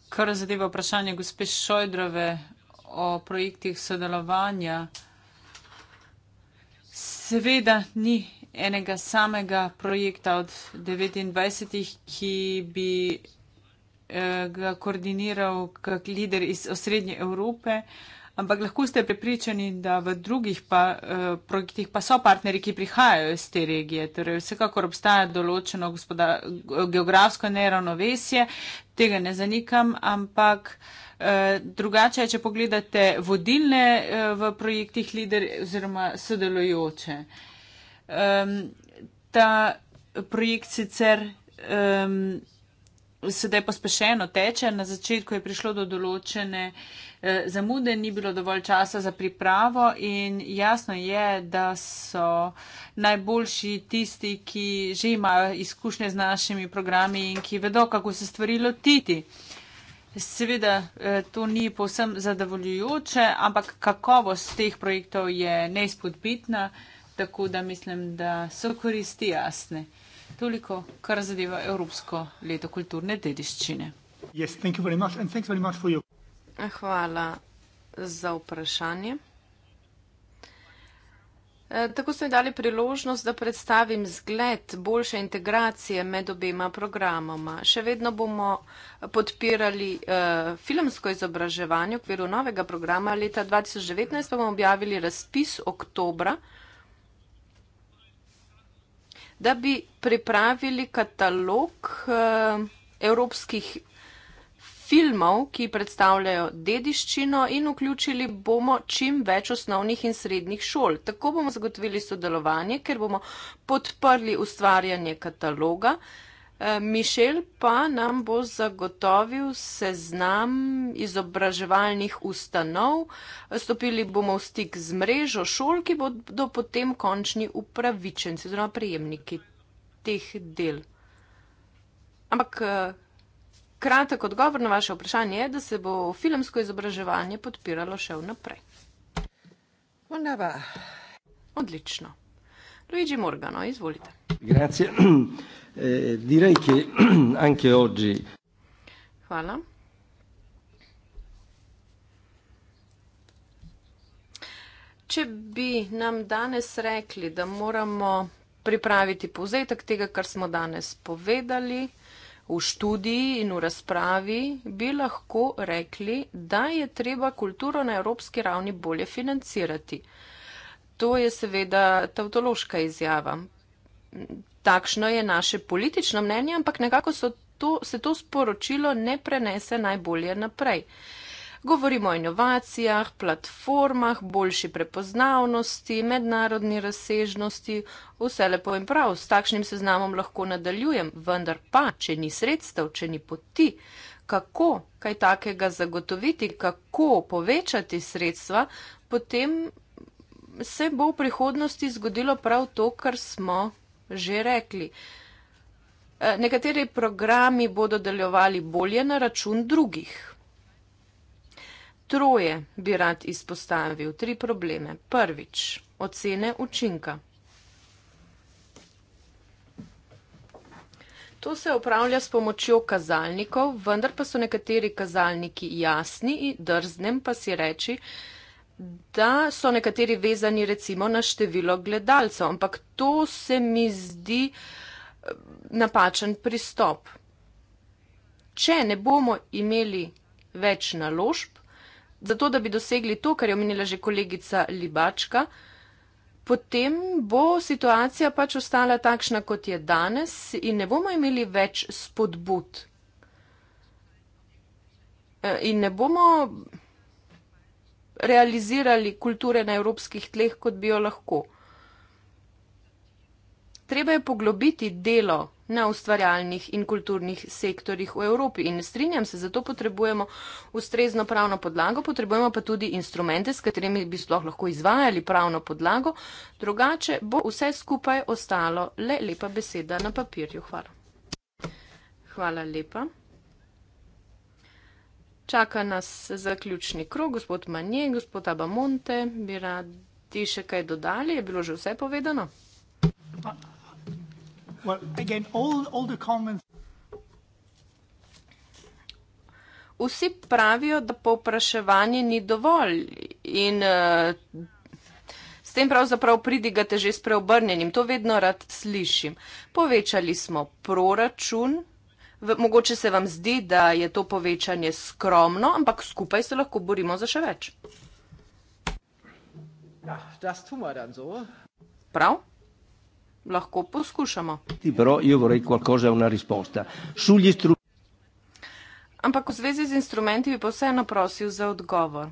S1: Kar zadeva vprašanje gospe Šojdrove o projektih sodelovanja, seveda ni enega samega projekta od 29, ki bi eh, ga koordiniral kot lider iz osrednje Evrope, ampak lahko ste prepričani, da v drugih pa, eh, projektih pa so partneri, ki prihajajo iz te regije. Torej, vsekakor obstaja določeno geografsko neravnovesje, tega ne zanikam, ampak eh, drugače je, če pogledate vodilne eh, v projektih lider oziroma sodelujoče. Eh, ta projekt sicer. Eh, sedaj pospešeno teče. Na začetku je prišlo do določene eh, zamude, ni bilo dovolj časa za pripravo in jasno je, da so najboljši tisti, ki že imajo izkušnje z našimi programi in ki vedo, kako se stvari lotiti. Seveda, eh, to ni povsem zadovoljujoče, ampak kakovost teh projektov je neizpodbitna, tako da mislim, da so koristi jasne. Toliko, kar zadeva Evropsko leto kulturne dediščine.
S2: Yes, Hvala za vprašanje. E, tako ste mi dali priložnost, da predstavim zgled boljše integracije med obema programoma. Še vedno bomo podpirali uh, filmsko izobraževanje v okviru novega programa. Leta 2019 bomo objavili razpis oktobra uh, da bi pripravili katalog uh, evropskih filmov, ki predstavljajo dediščino in vključili bomo čim več osnovnih in srednjih šol. Tako bomo zagotovili sodelovanje, ker bomo podprli ustvarjanje kataloga, uh, Eh, Mišel pa nam bo zagotovil seznam izobraževalnih ustanov. Stopili bomo v stik z mrežo šol, ki bodo potem končni upravičenci oziroma prejemniki teh del. Ampak eh, kratek odgovor na vaše vprašanje je, da se bo filmsko izobraževanje podpiralo še vnaprej. Odlično. Luigi Morgano, izvolite.
S1: Grazie.
S3: Eh, direi che anche oggi.
S2: Hvala. Če bi nam danes rekli, da moramo pripraviti povzetek tega, kar smo danes povedali v študiji in v razpravi, bi lahko rekli, da je treba kulturo na evropski ravni bolje financirati. To je seveda tautološka izjava. Takšno je naše politično mnenje, ampak nekako so. To, se to sporočilo ne prenese najbolje naprej. Govorimo o inovacijah, platformah, boljši prepoznavnosti, mednarodni razsežnosti, vse lepo in prav, s takšnim seznamom lahko nadaljujem, vendar pa, če ni sredstev, če ni poti, kako kaj takega zagotoviti, kako povečati sredstva, potem se bo v prihodnosti zgodilo prav to, kar smo že rekli. Eh, nekateri programi bodo delovali bolje na račun drugih. Troje bi rad izpostavil tri probleme. Prvič, ocene učinka. To se upravlja s pomočjo kazalnikov, vendar pa so nekateri kazalniki jasni in drznem pa si reči, da da so nekateri vezani recimo na število gledalcev, ampak to se mi zdi eh, napačen pristop. Če ne bomo imeli več naložb, zato da bi dosegli to, kar je omenila že kolegica Libačka, potem bo situacija pač ostala takšna, kot je danes in ne bomo imeli več spodbud. Eh, in ne bomo realizirali kulture na evropskih tleh, kot bi jo lahko. Treba je poglobiti delo na ustvarjalnih in kulturnih sektorjih v Evropi in strinjam se, zato potrebujemo ustrezno pravno podlago, potrebujemo pa tudi instrumente, s katerimi bi sploh lahko izvajali pravno podlago, drugače bo vse skupaj ostalo le lepa beseda na papirju. Hvala. Hvala lepa. Čaka nas zaključni krog, gospod Manje, gospod Abamonte, bi radi še kaj dodali, je bilo že vse povedano?
S1: Well, again, all, all the comments... Vsi
S2: pravijo, da povpraševanje ni dovolj in uh, s tem pravzaprav pridigate že s preobrnjenim. To vedno rad slišim. Povečali smo proračun. V, mogoče se vam zdi, da je to povečanje skromno, ampak skupaj se lahko borimo za še več. Ja, so. Prav? Lahko poskušamo. E ampak v zvezi z instrumenti bi pa vseeno prosil za odgovor.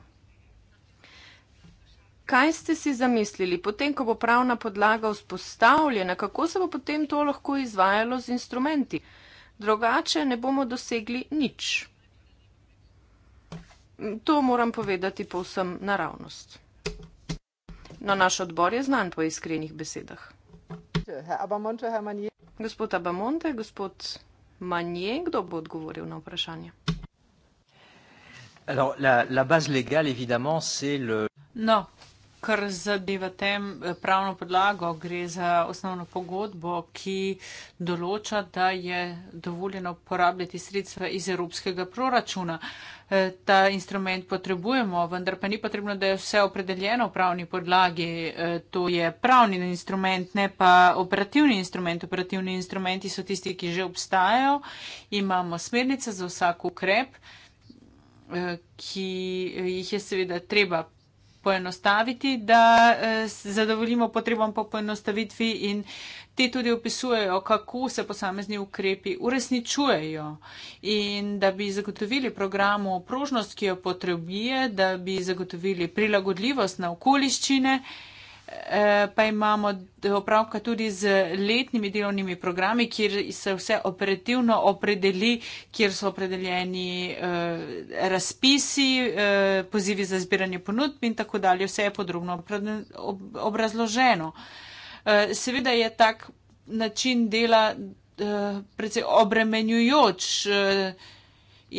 S2: Kaj ste si zamislili, potem, ko bo pravna podlaga vzpostavljena, kako se bo potem to lahko izvajalo z instrumenti? drugače ne bomo dosegli nič. To moram povedati povsem naravnost. Na no, naš odbor je znan po iskrenih besedah. Gospod Abamonte, gospod Manje, kdo bo odgovoril na vprašanje?
S3: Alors, la, la base légale, évidemment, c'est le...
S1: Non, kar zadeva tem eh, pravno podlago, gre za osnovno pogodbo, ki določa, da je dovoljeno uporabljati sredstva iz evropskega proračuna. Eh, ta instrument potrebujemo, vendar pa ni potrebno, da je vse opredeljeno v pravni podlagi. Eh, to je pravni instrument, ne pa operativni instrument. Operativni instrumenti so tisti, ki že obstajajo. Imamo smernice za vsak ukrep, ki jih je seveda treba poenostaviti, da eh, zadovoljimo potrebam po poenostavitvi in te tudi opisujejo, kako se posamezni ukrepi uresničujejo in da bi zagotovili programu prožnost, ki jo potrebuje, da bi zagotovili prilagodljivost na okoliščine. Eh, pa imamo opravka tudi z letnimi delovnimi programi, kjer se vse operativno opredeli, kjer so opredeljeni eh, razpisi, eh, pozivi za zbiranje ponudb in tako dalje. Vse je podrobno obrazloženo. Seveda je tak način dela precej obremenjujoč.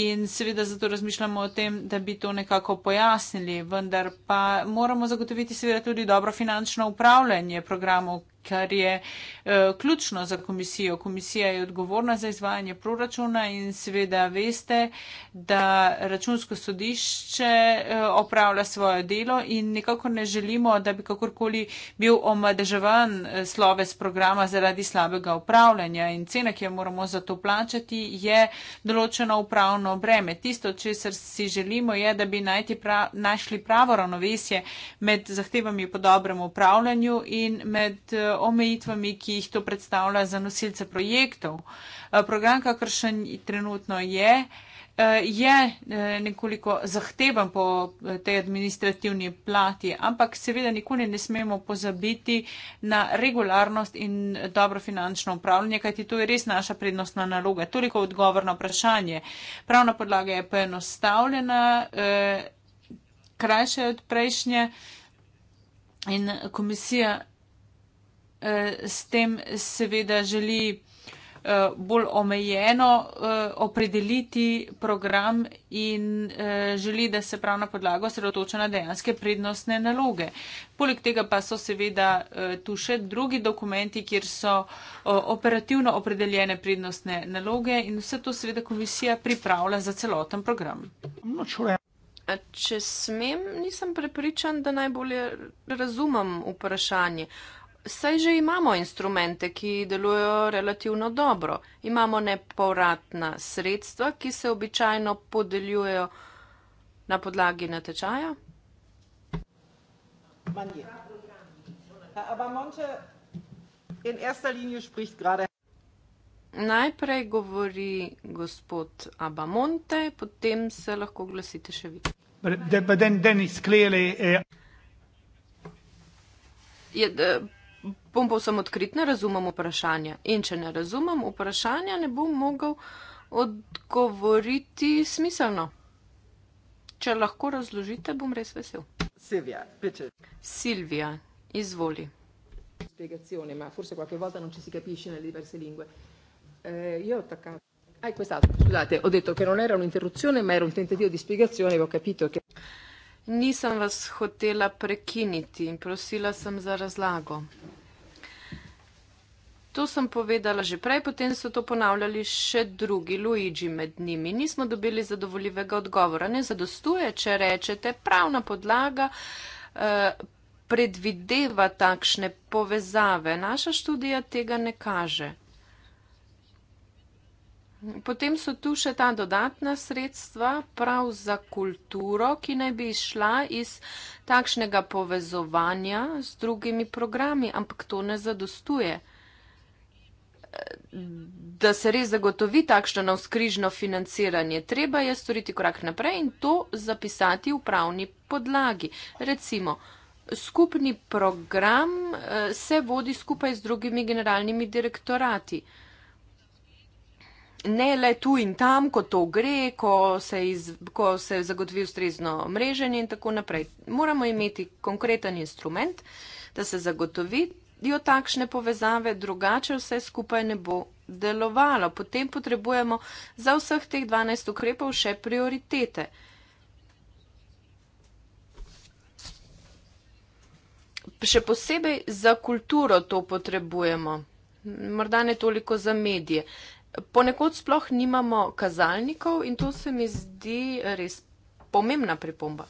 S1: In seveda zato razmišljamo o tem, da bi to nekako pojasnili, vendar pa moramo zagotoviti seveda tudi dobro finančno upravljanje programov, kar je uh, ključno za komisijo. Komisija je odgovorna za izvajanje proračuna in seveda veste, da računsko sodišče uh, opravlja svoje delo in nekako ne želimo, da bi kakorkoli bil omadeževan eh, sloves programa zaradi slabega upravljanja in cena, ki jo moramo za to plačati, je določeno upravno breme. Tisto, česar si želimo, je, da bi najti pra našli pravo ravnovesje med zahtevami po dobrem upravljanju in med omejitvami, ki jih to predstavlja za nosilce projektov. Eh, program, kakršen trenutno je, eh, je eh, nekoliko zahteven po tej administrativni plati, ampak seveda nikoli ne smemo pozabiti na regularnost in dobro finančno upravljanje, kajti to je res naša prednostna naloga. Toliko odgovor na vprašanje. Pravna podlaga je poenostavljena, krajša je od prejšnje. In komisija Eh, s tem seveda želi eh, bolj omejeno eh, opredeliti program in želi, da se prav na podlago sredotoča na dejanske prednostne naloge. Poleg tega pa so seveda tu še drugi dokumenti, kjer so operativno opredeljene prednostne naloge in vse to seveda komisija pripravlja za celoten program. A če smem, nisem prepričan, da najbolje
S2: razumem vprašanje. Uh, Saj že imamo instrumente, ki delujejo relativno dobro. Imamo nepovratna sredstva, ki se običajno podeljujejo na podlagi natečaja. Ja, Najprej govori gospod Abamonte, potem se
S1: lahko glasite še vi. But, but then, then
S2: bom povsem odkrit, ne razumem vprašanja. In če ne razumem vprašanja, ne bom mogel odgovoriti smiselno. Če lahko razložite, bom res vesel. Silvija, piče. Silvija, izvoli. Spiegazione, ma forse qualche volta non ci si capisce nelle diverse lingue. Eh, io ho attaccato. Ah, quest'altro, scusate, ho detto che non era un'interruzione, ma era un tentativo di spiegazione e ho capito che. Nisam vas hotela prekiniti in prosila sem za razlago. To sem povedala že prej, potem so to ponavljali še drugi Luigi med njimi. Nismo dobili zadovoljivega odgovora. Ne zadostuje, če rečete, pravna podlaga eh, predvideva takšne povezave. Naša študija tega ne kaže. Potem so tu še ta dodatna sredstva, prav za kulturo, ki naj bi išla iz takšnega povezovanja z drugimi programi, ampak to ne zadostuje da se res zagotovi takšno navskrižno financiranje, treba je storiti korak naprej in to zapisati v pravni podlagi. Recimo, skupni program eh, se vodi skupaj z drugimi generalnimi direktorati. Ne le tu in tam, ko to gre, ko se, iz, ko se zagotovi ustrezno mreženje in tako naprej. Moramo imeti konkreten instrument, da se zagotovi naredijo takšne povezave, drugače vse skupaj ne bo delovalo. Potem potrebujemo za vseh teh 12 ukrepov še prioritete. Še posebej za kulturo to potrebujemo, morda ne toliko za medije. Ponekod sploh nimamo kazalnikov in to se mi zdi res pomembna pripomba.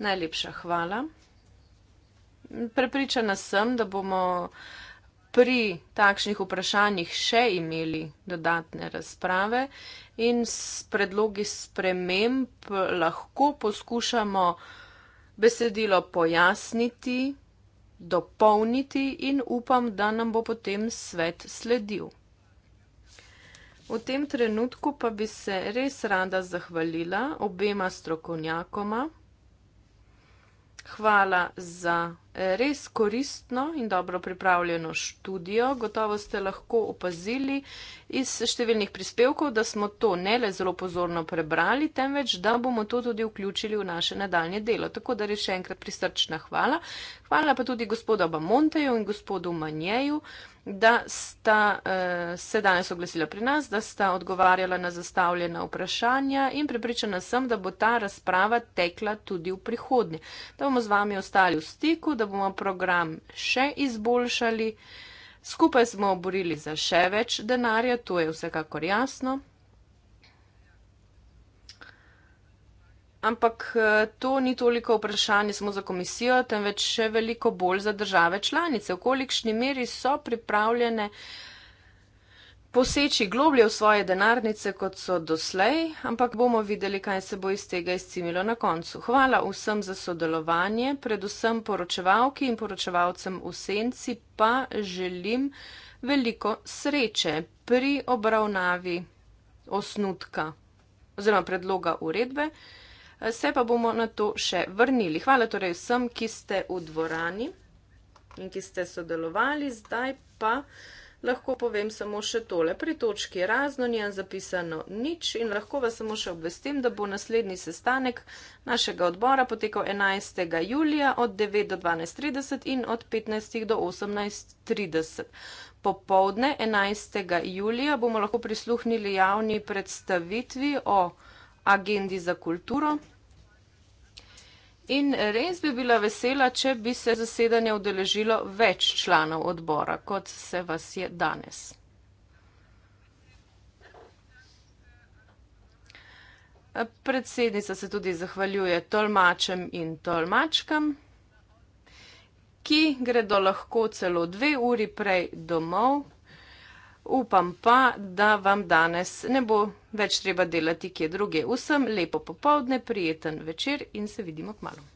S2: Najlepša hvala. Prepričana sem, da bomo pri takšnih vprašanjih še imeli dodatne razprave in s predlogi sprememb lahko poskušamo besedilo pojasniti, dopolniti in upam, da nam bo potem svet sledil. V tem trenutku pa bi se res rada zahvalila obema strokovnjakoma, Hvala za eh, res koristno in dobro pripravljeno študijo. Gotovo ste lahko opazili iz številnih prispevkov, da smo to ne le zelo pozorno prebrali, temveč da bomo to tudi vključili v naše nadaljne delo. Tako da res še enkrat pristrčna hvala. Hvala pa tudi gospodu Bamonteju in gospodu Manjeju da sta uh, se danes oglasila pri nas, da sta odgovarjala na zastavljena vprašanja in prepričana sem, da bo ta razprava tekla tudi v prihodnje. Da bomo z vami ostali v stiku, da bomo program še izboljšali. Skupaj smo oborili za še več denarja, to je vsekakor jasno. Ampak eh, to ni toliko vprašanje samo za komisijo, temveč še veliko bolj za države članice. V kolikšni meri so pripravljene poseči globlje v svoje denarnice, kot so doslej, ampak bomo videli, kaj se bo iz tega izcimilo na koncu. Hvala vsem za sodelovanje, predvsem poročevalki in poročevalcem v senci pa želim veliko sreče pri obravnavi osnutka oziroma predloga uredbe. Se pa bomo na to še vrnili. Hvala torej vsem, ki ste v dvorani in ki ste sodelovali. Zdaj pa lahko povem samo še tole. Pri točki razno ni zapisano nič in lahko vas samo še obvestim, da bo naslednji sestanek našega odbora potekal 11. julija od 9 do 12.30 in od 15. do 18.30. Popovdne 11. julija bomo lahko prisluhnili javni predstavitvi o agendi za kulturo. In res bi bila vesela, če bi se zasedanje udeležilo več članov odbora, kot se vas je danes. Predsednica se tudi zahvaljuje tolmačem in tolmačkam, ki gredo lahko celo dve uri prej domov, Upam pa, da vam danes ne bo več treba delati kje druge. Vsem lepo popovdne, prijeten večer in se vidimo k malu.